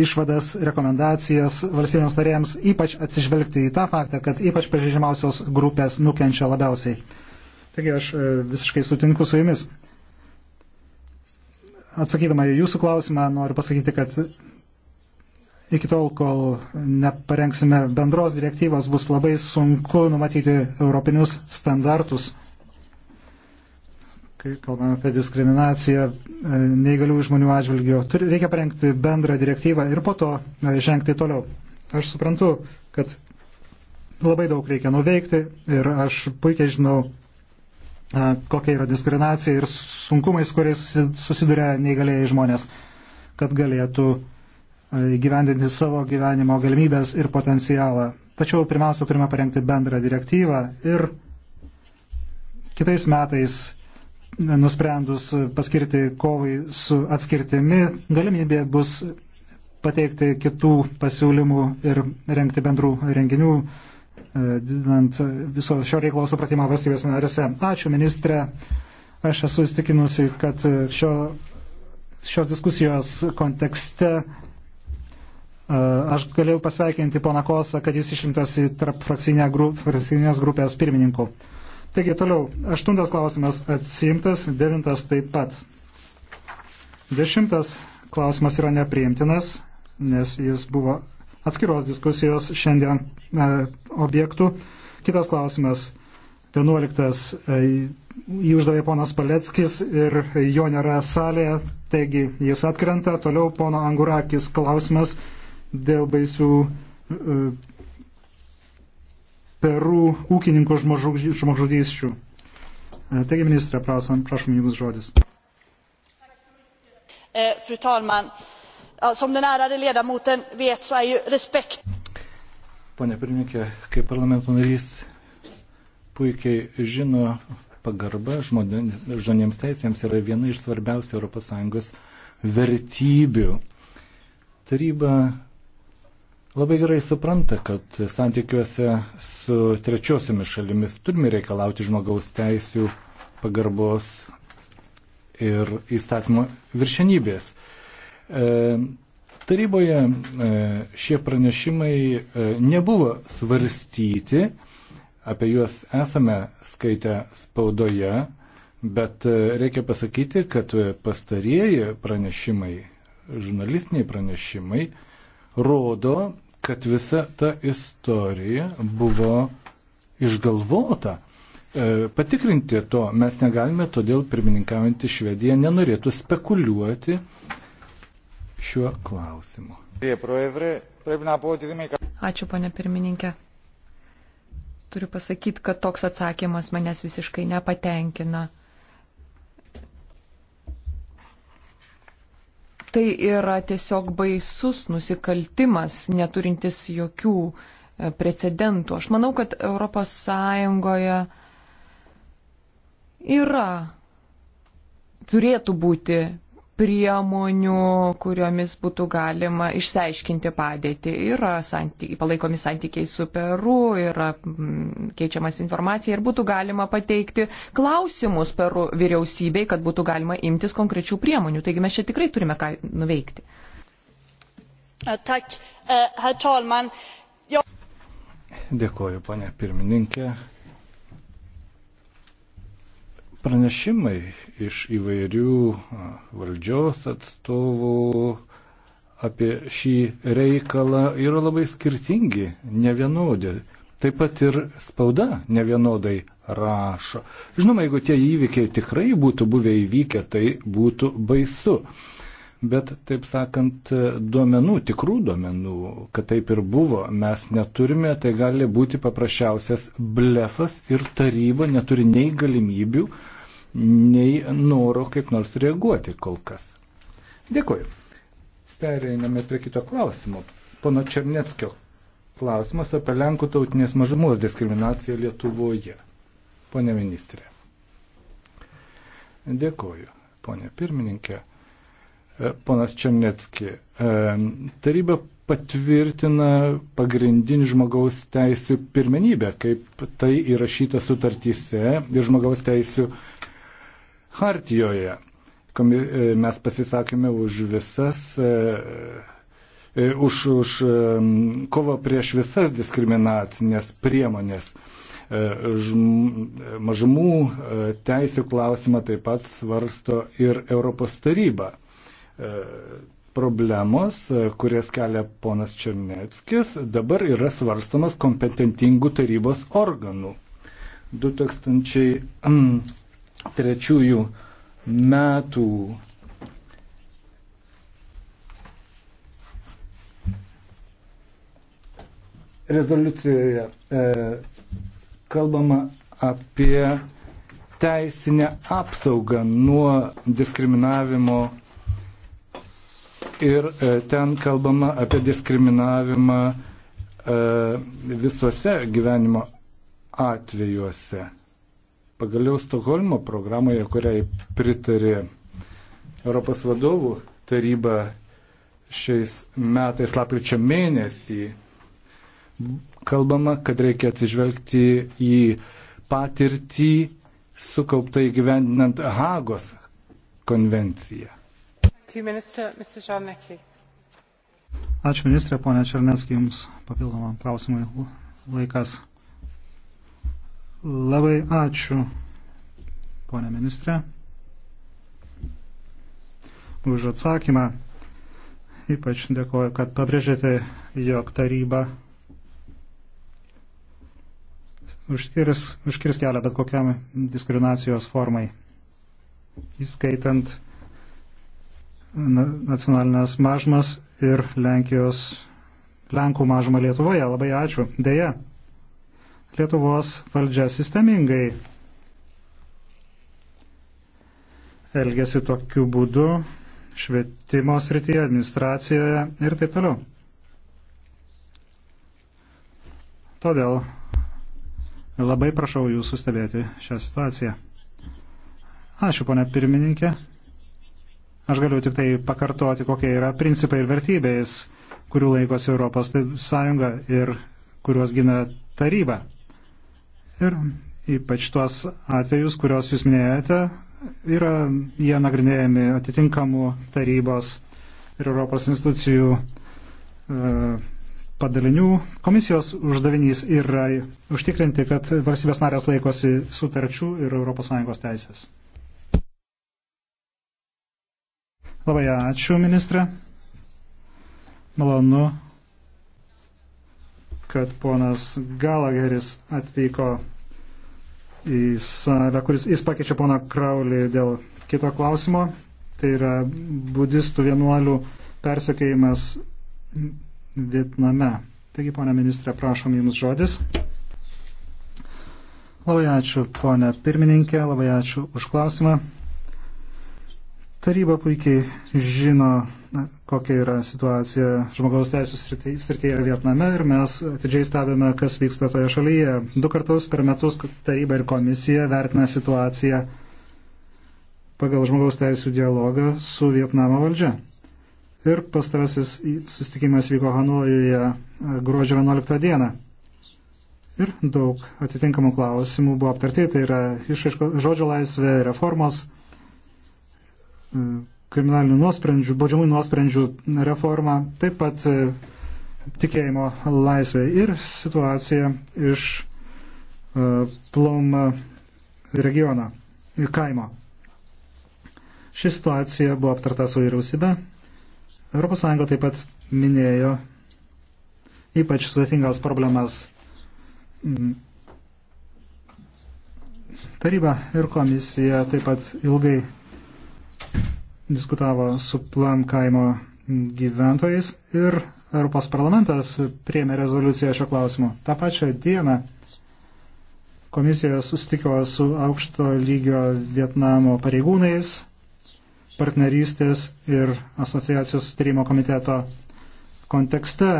išvadas, rekomendacijas valstybėms narėms, ypač atsižvelgti į tą faktą, kad ypač pažeidžiamiausios grupės nukenčia labiausiai. Taigi aš e, visiškai sutinku su jumis. Atsakydama į jūsų klausimą, noriu pasakyti, kad iki tol, kol neparengsime bendros direktyvos, bus labai sunku numatyti europinius standartus, kai kalbame apie diskriminaciją e, neįgalių žmonių atžvilgių. Reikia parengti bendrą direktyvą ir po to e, žengti toliau. Aš suprantu, kad labai daug reikia nuveikti ir aš puikiai žinau, kokia yra diskriminacija ir sunkumai, su kuriais susiduria neįgalėjai žmonės, kad galėtų gyvendinti savo gyvenimo galimybės ir potencialą. Tačiau pirmiausia, turime parengti bendrą direktyvą ir kitais metais nusprendus paskirti kovai su atskirtimi, galimybė bus pateikti kitų pasiūlymų ir rengti bendrų renginių E, didinant viso šio reikalo supratimą valstybės narėse. Ačiū, ministrė. Aš esu įstikinusi, kad šio, šios diskusijos kontekste e, aš galėjau pasveikinti poną Kosą, kad jis išrinktas į tarp frakcinės grup, grupės pirmininkų. Taigi toliau, aštuntas klausimas atsimtas, devintas taip pat. Dešimtas klausimas yra nepriimtinas, nes jis buvo atskiros diskusijos šiandien e, objektų. Kitas klausimas, 11. E, jį uždavė ponas Paleckis ir jo nėra salėje, taigi jis atkrenta. Toliau pono Angurakis klausimas dėl baisių e, Perų ūkininkų žmogžudysčių. Taigi, ministrė, prašom, prašom jums žodis. Fru talman, Som den ärade ledamoten vet är ju respekt. Pone pirmininkė, kaip parlamento narys puikiai žino, pagarba žmonėms teisėms yra viena iš svarbiausių ES vertybių. Taryba labai gerai supranta, kad santykiuose su trečiosiomis šalimis turime reikalauti žmogaus teisų pagarbos ir įstatymo viršenybės. E, taryboje e, šie pranešimai e, nebuvo svarstyti, apie juos esame skaitę spaudoje, bet reikia pasakyti, kad pastarieji pranešimai, žurnalistiniai pranešimai, rodo, kad visa ta istorija buvo išgalvota. Patikrinti to mes negalime, todėl pirmininkaujantį Švediją nenorėtų spekuliuoti šiuo klausimu. Ačiū, ponė pirmininkė. Turiu pasakyti, kad toks atsakymas manęs visiškai nepatenkina. Tai yra tiesiog baisus nusikaltimas, neturintis jokių e, precedentų. Aš manau, kad ES yra, turėtų būti priemonių, kuriomis būtų galima išsiaiškinti padėtį. Yra santykiai, palaikomi santykiai su Peru, yra mm, keičiamas informacija ir būtų galima pateikti klausimus Peru vyriausybei, kad būtų galima imtis konkrečių priemonių. Taigi mes čia tikrai turime ką nuveikti. E, Dėkuoju, ponė pirmininkė. Pranešimai iš įvairių valdžios atstovų apie šį reikalą yra labai skirtingi, nevienodi. Taip pat ir spauda nevienodai rašo. Žinoma, jeigu tie įvykiai tikrai būtų buvę įvykę, tai būtų baisu. Bet, taip sakant, duomenų, tikrų duomenų, kad taip ir buvo, mes neturime, tai gali būti paprasčiausias blefas ir taryba neturi nei galimybių, nei noro kaip nors reaguoti kol kas. Dėkuoju. Pereiname prie kito klausimo. Pono Černeckio klausimas apie Lenkų tautinės mažumos diskriminaciją Lietuvoje. Pone ministrė. Dėkuoju, ponė pirmininkė. E, ponas Černecki, e, taryba patvirtina pagrindinį žmogaus teisų pirmenybę, kaip tai įrašyta sutartyse ir žmogaus teisų uh, hartijoje. E, mes pasisakėme už visas, e, e, už, už kovą prieš visas diskriminacinės priemonės. Mažumų teisų klausimą taip pat svarsto ir Europos taryba problemos, kurias kelia ponas Černeckis, dabar yra svarstomas kompetentingų tarybos organų. 2000. [CLEARS THROAT] trečiųjų metų rezoliucijoje e, kalbama apie teisinę apsaugą nuo diskriminavimo ir e, ten kalbama apie diskriminavimą e, visuose gyvenimo atvejuose. Pagaliau Stokholmo programoje, kuriai pritarė Europos vadovų taryba šiais metais lapkričio mėnesį, kalbama, kad reikia atsižvelgti į patirtį sukauptą įgyvendinant Hagos konvenciją. Ačiū ministrė, ponia Černeskė, jums papildomam klausimui laikas. Labai ačiū, ponė ministrė, už atsakymą. Ypač dėkoju, kad pabrėžėte, jog taryba užkirs, užkirs kelią bet kokiam diskriminacijos formai, įskaitant nacionalinės mažmas ir Lenkijos, Lenkų mažumą Lietuvoje. Labai ačiū. Deja, Lietuvos valdžia sistemingai elgesi tokiu būdu švietimo srityje, administracijoje ir taip toliau. Todėl labai prašau jūsų stebėti šią situaciją. Ačiū, ponė pirmininkė. Aš galiu tik tai pakartoti, kokie yra principai ir vertybės, kurių laikosi Europos Sąjunga ir kuriuos gina taryba. Ir ypač tuos atvejus, kuriuos jūs minėjote, yra jie nagrinėjami atitinkamų tarybos ir Europos institucijų e, padalinių. Komisijos uždavinys yra užtikrinti, kad valstybės narės laikosi sutarčių ir ES teisės. Labai ačiū, ministrė. Malonu kad ponas Galageris atvyko į salę, kuris jis pakeičia poną Kraulį dėl kito klausimo. Tai yra budistų vienuolių persekėjimas Vietname. Taigi, ponė ministrė, prašom Jums žodis. Labai ačiū, ponė pirmininkė, labai ačiū už klausimą. Taryba puikiai žino, kokia yra situacija žmogaus teisų srityje Vietname ir mes atidžiai stebime, kas vyksta toje šalyje. Du kartus per metus taryba ir komisija vertina situaciją pagal žmogaus teisų dialogą su Vietnamo valdžia. Ir pastarasis susitikimas vyko Hanojuje e, gruodžio 11 dieną. Ir daug atitinkamų klausimų buvo aptarti, tai yra išaiško žodžio laisvė, reformos Mm, kriminalinių nuosprendžių, baudžiamų nuosprendžių reforma, taip pat e, tikėjimo laisvė ir situacija iš e, Plum regiono ir e, kaimo. Ši situacija buvo aptarta su vyriausybe. ES taip pat minėjo ypač sudėtingas problemas. Mm, taryba ir komisija taip pat ilgai diskutavo su plan kaimo gyventojais ir Europos parlamentas priemė rezoliuciją šio klausimu. Ta pačia diena komisija susitiko su aukšto lygio Vietnamo pareigūnais, partnerystės ir asociacijos sutarimo komiteto kontekste.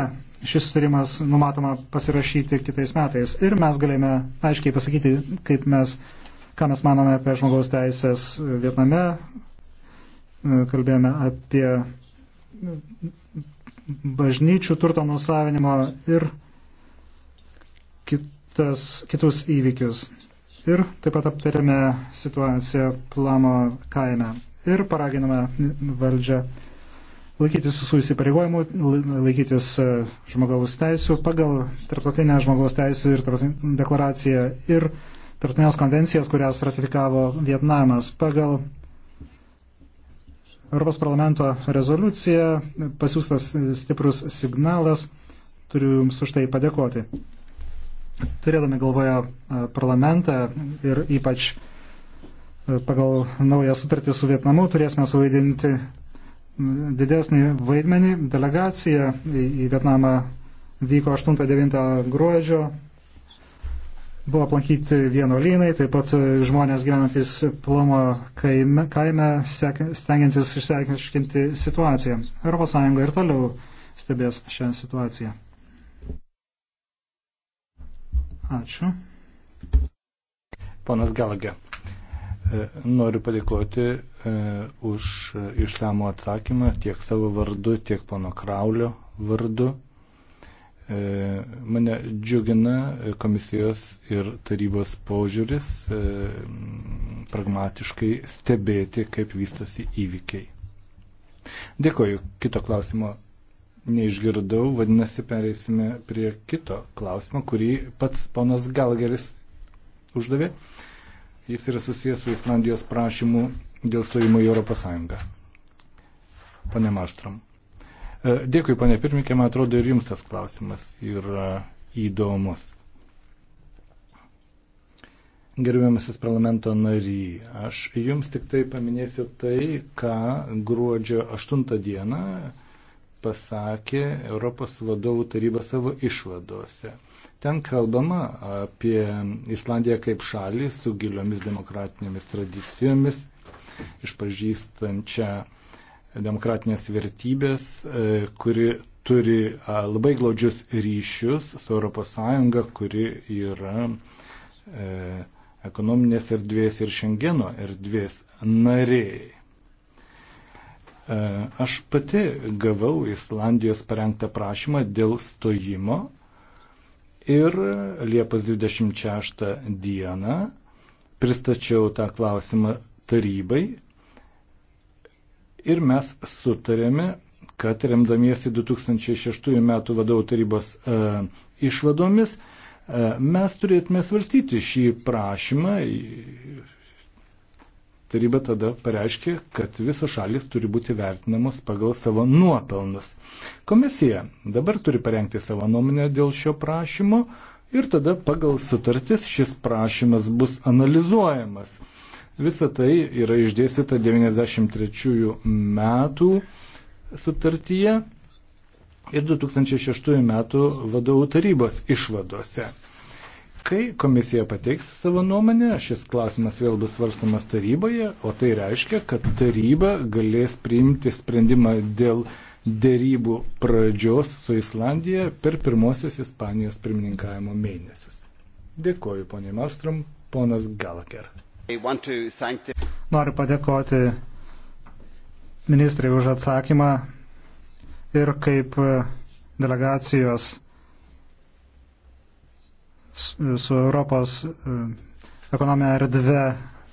Šis sutarimas numatoma pasirašyti kitais metais ir mes galime aiškiai pasakyti, kaip mes, ką mes manome apie žmogaus teisės Vietname, kalbėjome apie bažnyčių turto nusavinimo ir kitas, kitus įvykius. Ir taip pat aptarėme situaciją plamo kaime ir paraginame valdžią laikytis visų įsipareigojimų, laikytis e, žmogaus teisų pagal tarptautinę žmogaus teisų ir deklaraciją ir tarptautinės konvencijas, kurias ratifikavo Vietnamas pagal Europos parlamento rezoliucija pasiūstas stiprus signalas. Turiu Jums už tai padėkoti. Turėdami galvoje e, parlamentą ir ypač e, pagal naują sutartį su Vietnamu turėsime suvaidinti didesnį vaidmenį. Delegacija į Vietnamą vyko 8-9 gruodžio Buvo aplankyti vienuolynai, taip pat žmonės gyvenantis Plumo kaime, kaime stengiantis išsiaiškinti situaciją. ES ir toliau stebės šią situaciją. Ačiū. Ponas Galagė, e, noriu padėkoti e, už išsamų atsakymą tiek savo vardu, tiek pono Kraulio vardu. E, mane džiugina komisijos ir tarybos požiūris e, pragmatiškai stebėti, kaip vystosi įvykiai. Dėkoju, kito klausimo neišgirdau, vadinasi, pereisime prie kito klausimo, kurį pats ponas Galgeris uždavė. Jis yra susijęs su Islandijos prašymu dėl stojimo į Europos Sąjungą. Pane Marstram. E, dėkui, ponė pirmininkė, man atrodo ir jums tas klausimas yra įdomus. Gerbiamasis parlamento nary, aš jums tik tai paminėsiu tai, ką gruodžio 8 dieną pasakė Europos vadovų taryba savo išvadose. Ten kalbama apie Islandiją kaip šalį su giliomis demokratinėmis tradicijomis, išpažįstančią demokratinės vertybės, e, kuri turi e, labai glaudžius ryšius su ES, kuri yra e, ekonominės erdvės ir Šengeno erdvės nariai. Aš pati gavau Islandijos parengtą prašymą dėl stojimo ir Liepos 26 dieną pristačiau tą klausimą tarybai ir mes sutarėme, kad remdamiesi 2006 m. vadovų tarybos e, išvadomis, e, mes turėtume svarstyti šį prašymą. Taryba tada pareiškė, kad visos šalis turi būti vertinamos pagal savo nuopelnus. Komisija dabar turi parengti savo nuomonę dėl šio prašymo ir tada pagal sutartis šis prašymas bus analizuojamas. Visa tai yra išdėstyta 93 metų sutartyje ir 2006 metų vadovų tarybos išvadose. Kai komisija pateiks savo nuomonę, šis klausimas vėl bus svarstamas taryboje, o tai reiškia, kad taryba galės priimti sprendimą dėl dėrybų pradžios su Islandija per pirmosius Ispanijos pirmininkavimo mėnesius. Dėkoju, poniai Malstrom, ponas Galaker. Noriu padėkoti ministrai už atsakymą ir kaip delegacijos su Europos e, ekonominė erdvė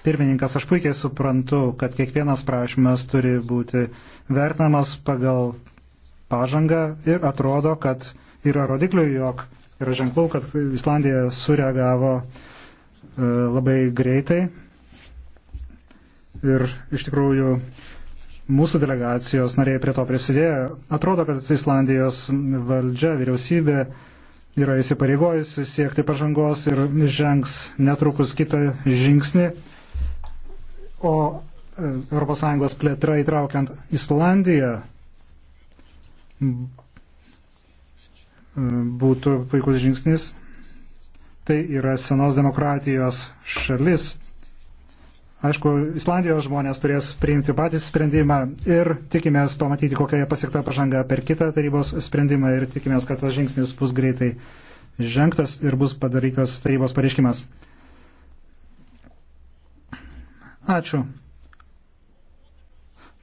pirmininkas, aš puikiai suprantu, kad kiekvienas prašymas turi būti vertinamas pagal pažangą ir atrodo, kad yra rodiklių, jog yra ženklų, kad Islandija sureagavo e, labai greitai ir iš tikrųjų mūsų delegacijos nariai prie to prisidėjo. Atrodo, kad Islandijos valdžia, vyriausybė yra įsipareigojusi siekti pažangos ir žengs netrukus kitą žingsnį. O ES plėtra įtraukiant Islandiją e, būtų puikus žingsnis. Tai yra senos demokratijos šalis Aišku, Islandijos žmonės turės priimti patys sprendimą ir tikimės pamatyti, kokia pasiekta pažanga per kitą tarybos sprendimą ir tikimės, kad tas žingsnis bus greitai žengtas ir bus padarytas tarybos pareiškimas. Ačiū.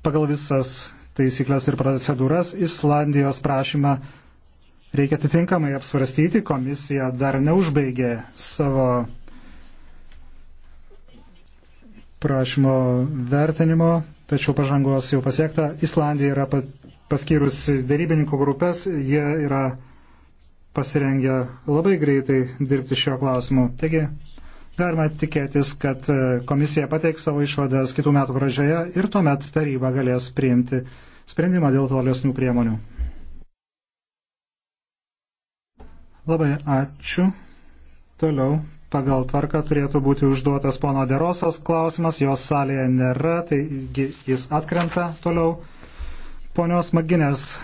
Pagal visas taisyklės ir procedūras Islandijos prašymą reikia atitinkamai apsvarstyti. Komisija dar neužbaigė savo prašymo vertinimo, tačiau pažangos jau pasiekta. Islandija yra paskyrusi dėrybininkų grupės, jie yra pasirengę labai greitai dirbti šio klausimu. Taigi, galima tikėtis, kad e, komisija pateiks savo išvadas kitų metų pradžioje ir tuomet taryba galės priimti sprendimą dėl tolesnių priemonių. Labai ačiū. Toliau pagal tvarką turėtų būti užduotas pono Derosos klausimas, jos salėje nėra, tai jis atkrenta toliau. Ponios Maginės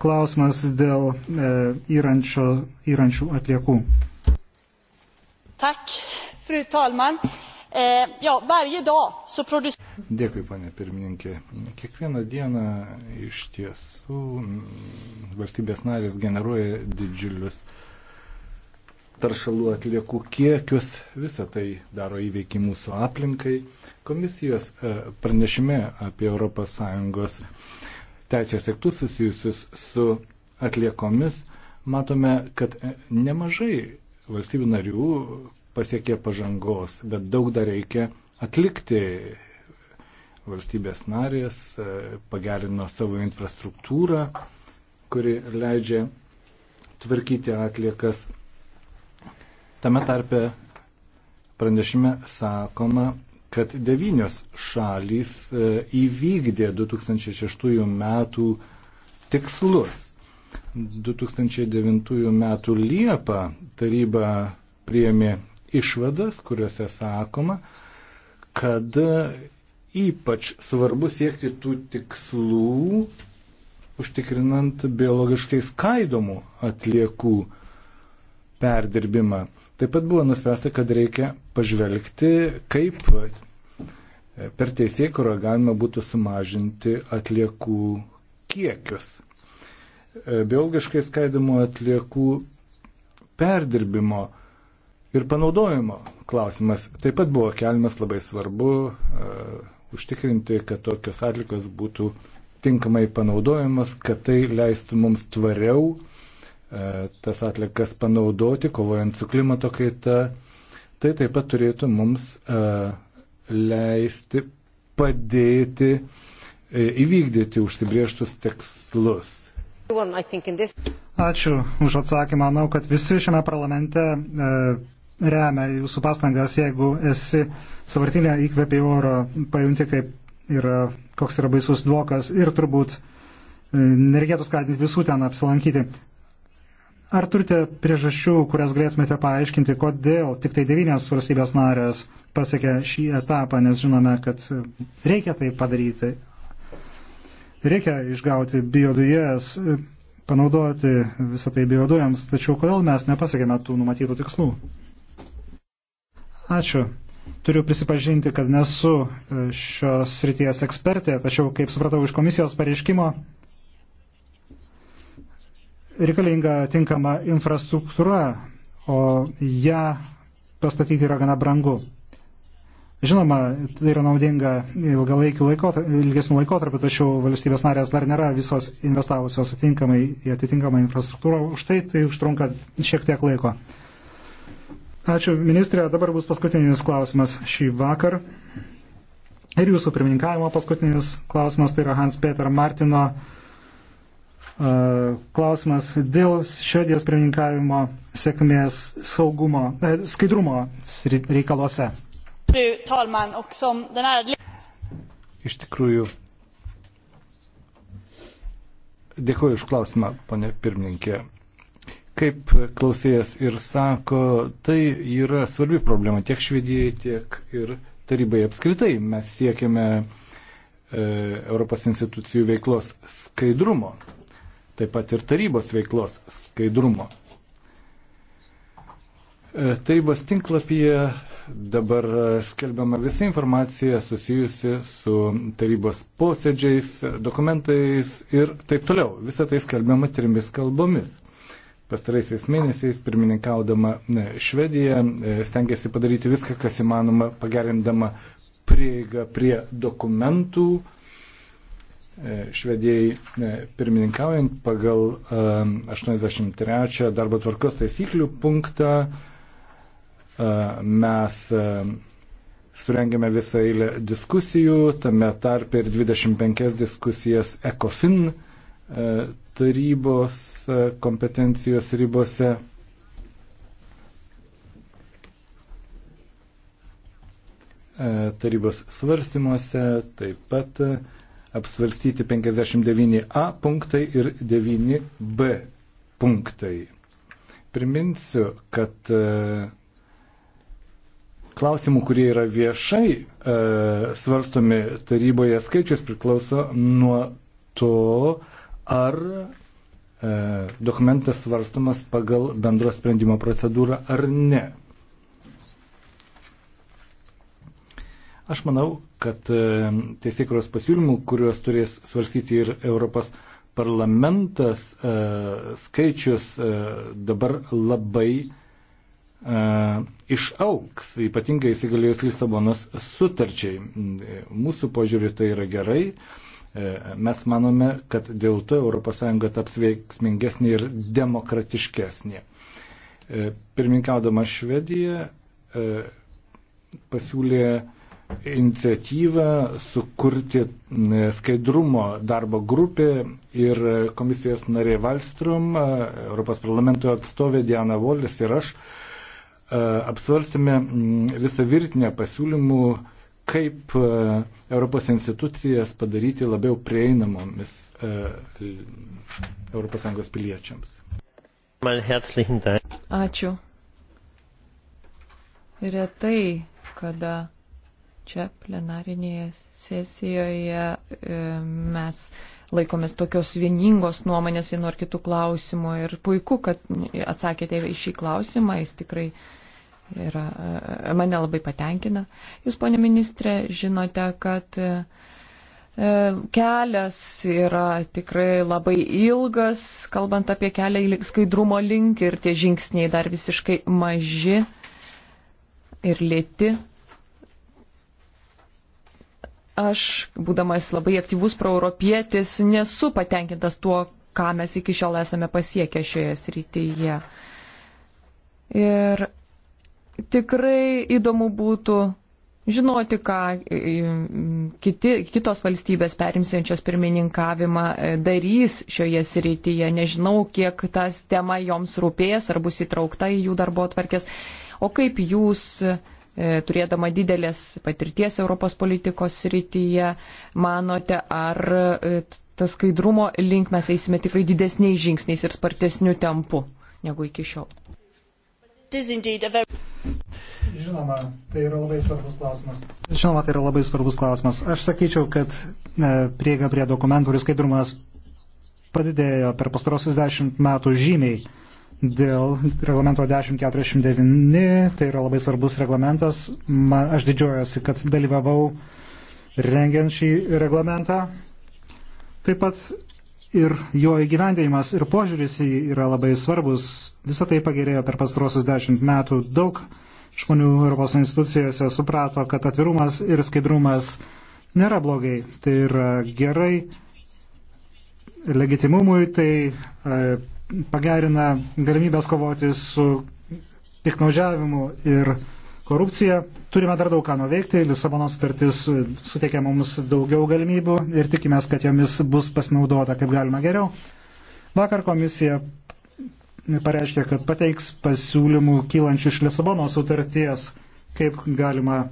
klausimas dėl e, įrančio, įrančių atliekų. Tak, fru talman. E, jo, varje dag so produc... Dėkui, panė pirmininkė. Kiekvieną dieną iš tiesų valstybės narės generuoja didžiulius uh, taršalų atliekų kiekius, visą tai daro įveikį mūsų aplinkai. Komisijos e, pranešime apie ES teisės aktus susijusius su atliekomis matome, kad e, nemažai valstybių narių pasiekė pažangos, bet daug dar reikia atlikti. Valstybės narės e, pagerino savo infrastruktūrą, kuri leidžia tvarkyti atliekas Tame tarpe pranešime sakoma, kad devynios šalys e, įvykdė 2006 metų tikslus. 2009 metų Liepą taryba priėmė išvadas, kuriuose sakoma, kad ypač svarbu siekti tų tikslų, užtikrinant biologiškai skaidomų atliekų perdirbimą. Taip pat buvo nuspręsta, kad reikia pažvelgti, kaip e, per teisėkurą galima būtų sumažinti atliekų kiekius. E, biologiškai skaidomų atliekų perdirbimo ir panaudojimo klausimas taip pat buvo keliamas labai svarbu uh, užtikrinti, kad tokios atlikos būtų tinkamai panaudojamas, kad tai leistų mums tvariau E, tas atlikas panaudoti, kovojant su klimato kaita, tai taip pat turėtų mums e, leisti padėti e, įvykdyti užsibrieštus tikslus. Ačiū už atsakymą. Manau, kad visi šiame parlamente remia jūsų pastangas, jeigu esi savartinė įkvėpė oro, pajunti, kaip yra, koks yra baisus dvokas ir turbūt nereikėtų skatinti visų ten apsilankyti. Ar turite priežasčių, kurias galėtumėte paaiškinti, kodėl tik tai devynios valstybės narės pasiekė šį etapą, nes žinome, kad reikia tai padaryti. Reikia išgauti biodujas, panaudoti visą tai biodujams, tačiau kodėl mes nepasiekėme tų numatytų tikslų? Ačiū. Turiu prisipažinti, kad nesu šios srities ekspertė, tačiau, kaip supratau iš komisijos pareiškimo, reikalinga tinkama infrastruktūra, o ją pastatyti yra gana brangu. Žinoma, tai yra naudinga ilgesnių laikotarpių, tačiau valstybės narės dar nėra visos investavusios atitinkamai į atitinkamą infrastruktūrą, už tai tai užtrunka šiek tiek laiko. Ačiū, ministrė. Dabar bus paskutinis klausimas šį vakar. Ir jūsų pirmininkavimo paskutinis klausimas tai yra Hans Peter Martino klausimas dėl švedijos pirmininkavimo sėkmės saugumo, e, skaidrumo reikaluose. Iš tikrųjų, dėkuoju už klausimą, ponė pirmininkė. Kaip klausėjas ir sako, tai yra svarbi problema tiek Švedijai, tiek ir tarybai apskritai. Mes siekiame e, Europos institucijų veiklos skaidrumo taip pat ir tarybos veiklos skaidrumo. E, tarybos tinklapyje dabar skelbiama visa informacija susijusi su tarybos posėdžiais, dokumentais ir taip toliau. Visą tai skelbiama trimis kalbomis. Pastaraisiais mėnesiais, pirmininkaudama e, Švedija, e, stengiasi padaryti viską, kas įmanoma, pagerindama prieigą prie dokumentų, E, švedijai e, pirmininkaujant pagal 83 e, darbo tvarkos taisyklių punktą mes surengėme visą eilę diskusijų, tame tarp ir 25 diskusijas ECOFIN tarybos kompetencijos ribose. Tarybos svarstymuose taip pat uh, apsvarstyti 59a punktai ir 9b punktai. Priminsiu, kad e, klausimų, kurie yra viešai e, svarstomi taryboje, skaičius priklauso nuo to, ar e, dokumentas svarstomas pagal bendro sprendimo procedūrą ar ne. Aš manau, kad e, teisėkuros pasiūlymų, kuriuos turės svarstyti ir Europos parlamentas, e, skaičius e, dabar labai išauks, ypatingai įsigalėjus Lisabonos sutarčiai. Mūsų požiūriu tai yra gerai. Mes manome, kad dėl to ES taps veiksmingesnė ir demokratiškesnė. Pirminkaudama Švedija pasiūlė iniciatyvą sukurti e, skaidrumo darbo grupė ir komisijos narė Valstrom, e, Europos parlamento atstovė Diana Volis ir aš e, apsvarstėme mm, visą virtinę pasiūlymų, kaip Europos institucijas padaryti labiau prieinamomis ES piliečiams. Ačiū. Retai, kada čia plenarinėje sesijoje e, mes laikomės tokios vieningos nuomonės vienu ar kitu klausimu ir puiku, kad atsakėte į šį klausimą, jis tikrai yra, e, mane labai patenkina. Jūs, ponė ministrė, žinote, kad e, kelias yra tikrai labai ilgas, kalbant apie kelią skaidrumo link ir tie žingsniai dar visiškai maži ir lėti Aš, būdamas labai aktyvus proeuropietis, nesu patenkintas tuo, ką mes iki šiol esame pasiekę šioje srityje. Ir tikrai įdomu būtų žinoti, ką kiti, kitos valstybės perimsiančios pirmininkavimą e, darys šioje srityje. Nežinau, kiek tas tema joms rūpės ar bus įtraukta į jų darbo atvarkės. O kaip jūs E, turėdama didelės patirties Europos politikos srityje, manote, ar e, tas skaidrumo link mes eisime tikrai didesniais žingsniais ir spartesniu tempu negu iki šiol? Žinoma, tai yra labai svarbus klausimas. Žinoma, tai yra labai svarbus klausimas. Aš sakyčiau, kad e, prieiga prie dokumentų ir skaidrumas padidėjo per pastarosius dešimt metų žymiai dėl reglamento 1049, tai yra labai svarbus reglamentas. Man, aš didžiuojasi, kad dalyvavau rengiant šį reglamentą. Taip pat ir jo įgyvendinimas ir požiūris į jį yra labai svarbus. Visą tai pagerėjo per pastarosius dešimt metų. Daug žmonių Europos institucijose suprato, kad atvirumas ir skaidrumas nėra blogai. Tai yra gerai legitimumui, tai e, pagerina galimybės kovoti su piknaudžiavimu ir korupcija. Turime dar daug ką nuveikti. Lisabono sutartis suteikia mums daugiau galimybių ir tikimės, kad jomis bus pasinaudota kaip galima geriau. Vakar komisija pareiškė, kad pateiks pasiūlymų kylančių iš Lisabono sutarties, kaip galima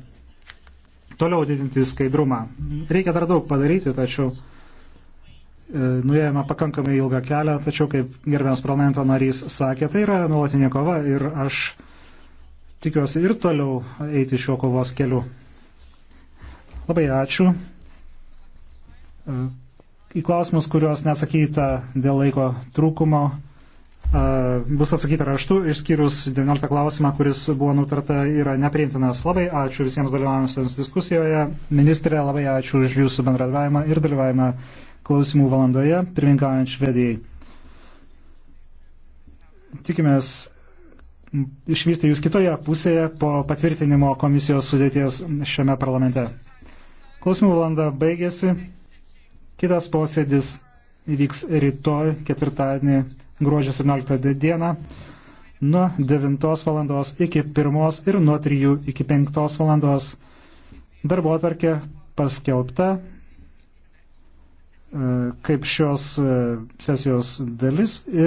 toliau didinti skaidrumą. Reikia dar daug padaryti, tačiau E, nuėjome pakankamai ilgą kelią, tačiau, kaip gerbėms parlamento narys sakė, tai yra nuolatinė kova ir aš tikiuosi ir toliau eiti šiuo kovos keliu. Labai ačiū. E, į klausimus, kuriuos neatsakyta dėl laiko trūkumo, e, bus atsakyta raštu, išskyrus 19 klausimą, kuris buvo nutarta, yra nepriimtinas. Labai ačiū visiems dalyvavusiems diskusijoje. Ministrė, labai ačiū už jūsų bendradavimą ir dalyvavimą klausimų valandoje, pirmininkaujant Švedijai. Tikimės išvysti jūs kitoje pusėje po patvirtinimo komisijos sudėties šiame parlamente. Klausimų valanda baigėsi. Kitas posėdis įvyks rytoj, ketvirtadienį, gruodžio 17 dieną, nuo 9 val. iki 1 ir nuo 3 iki 5 val. Darbo atvarkė paskelbta kaip šios e, sesijos dalis.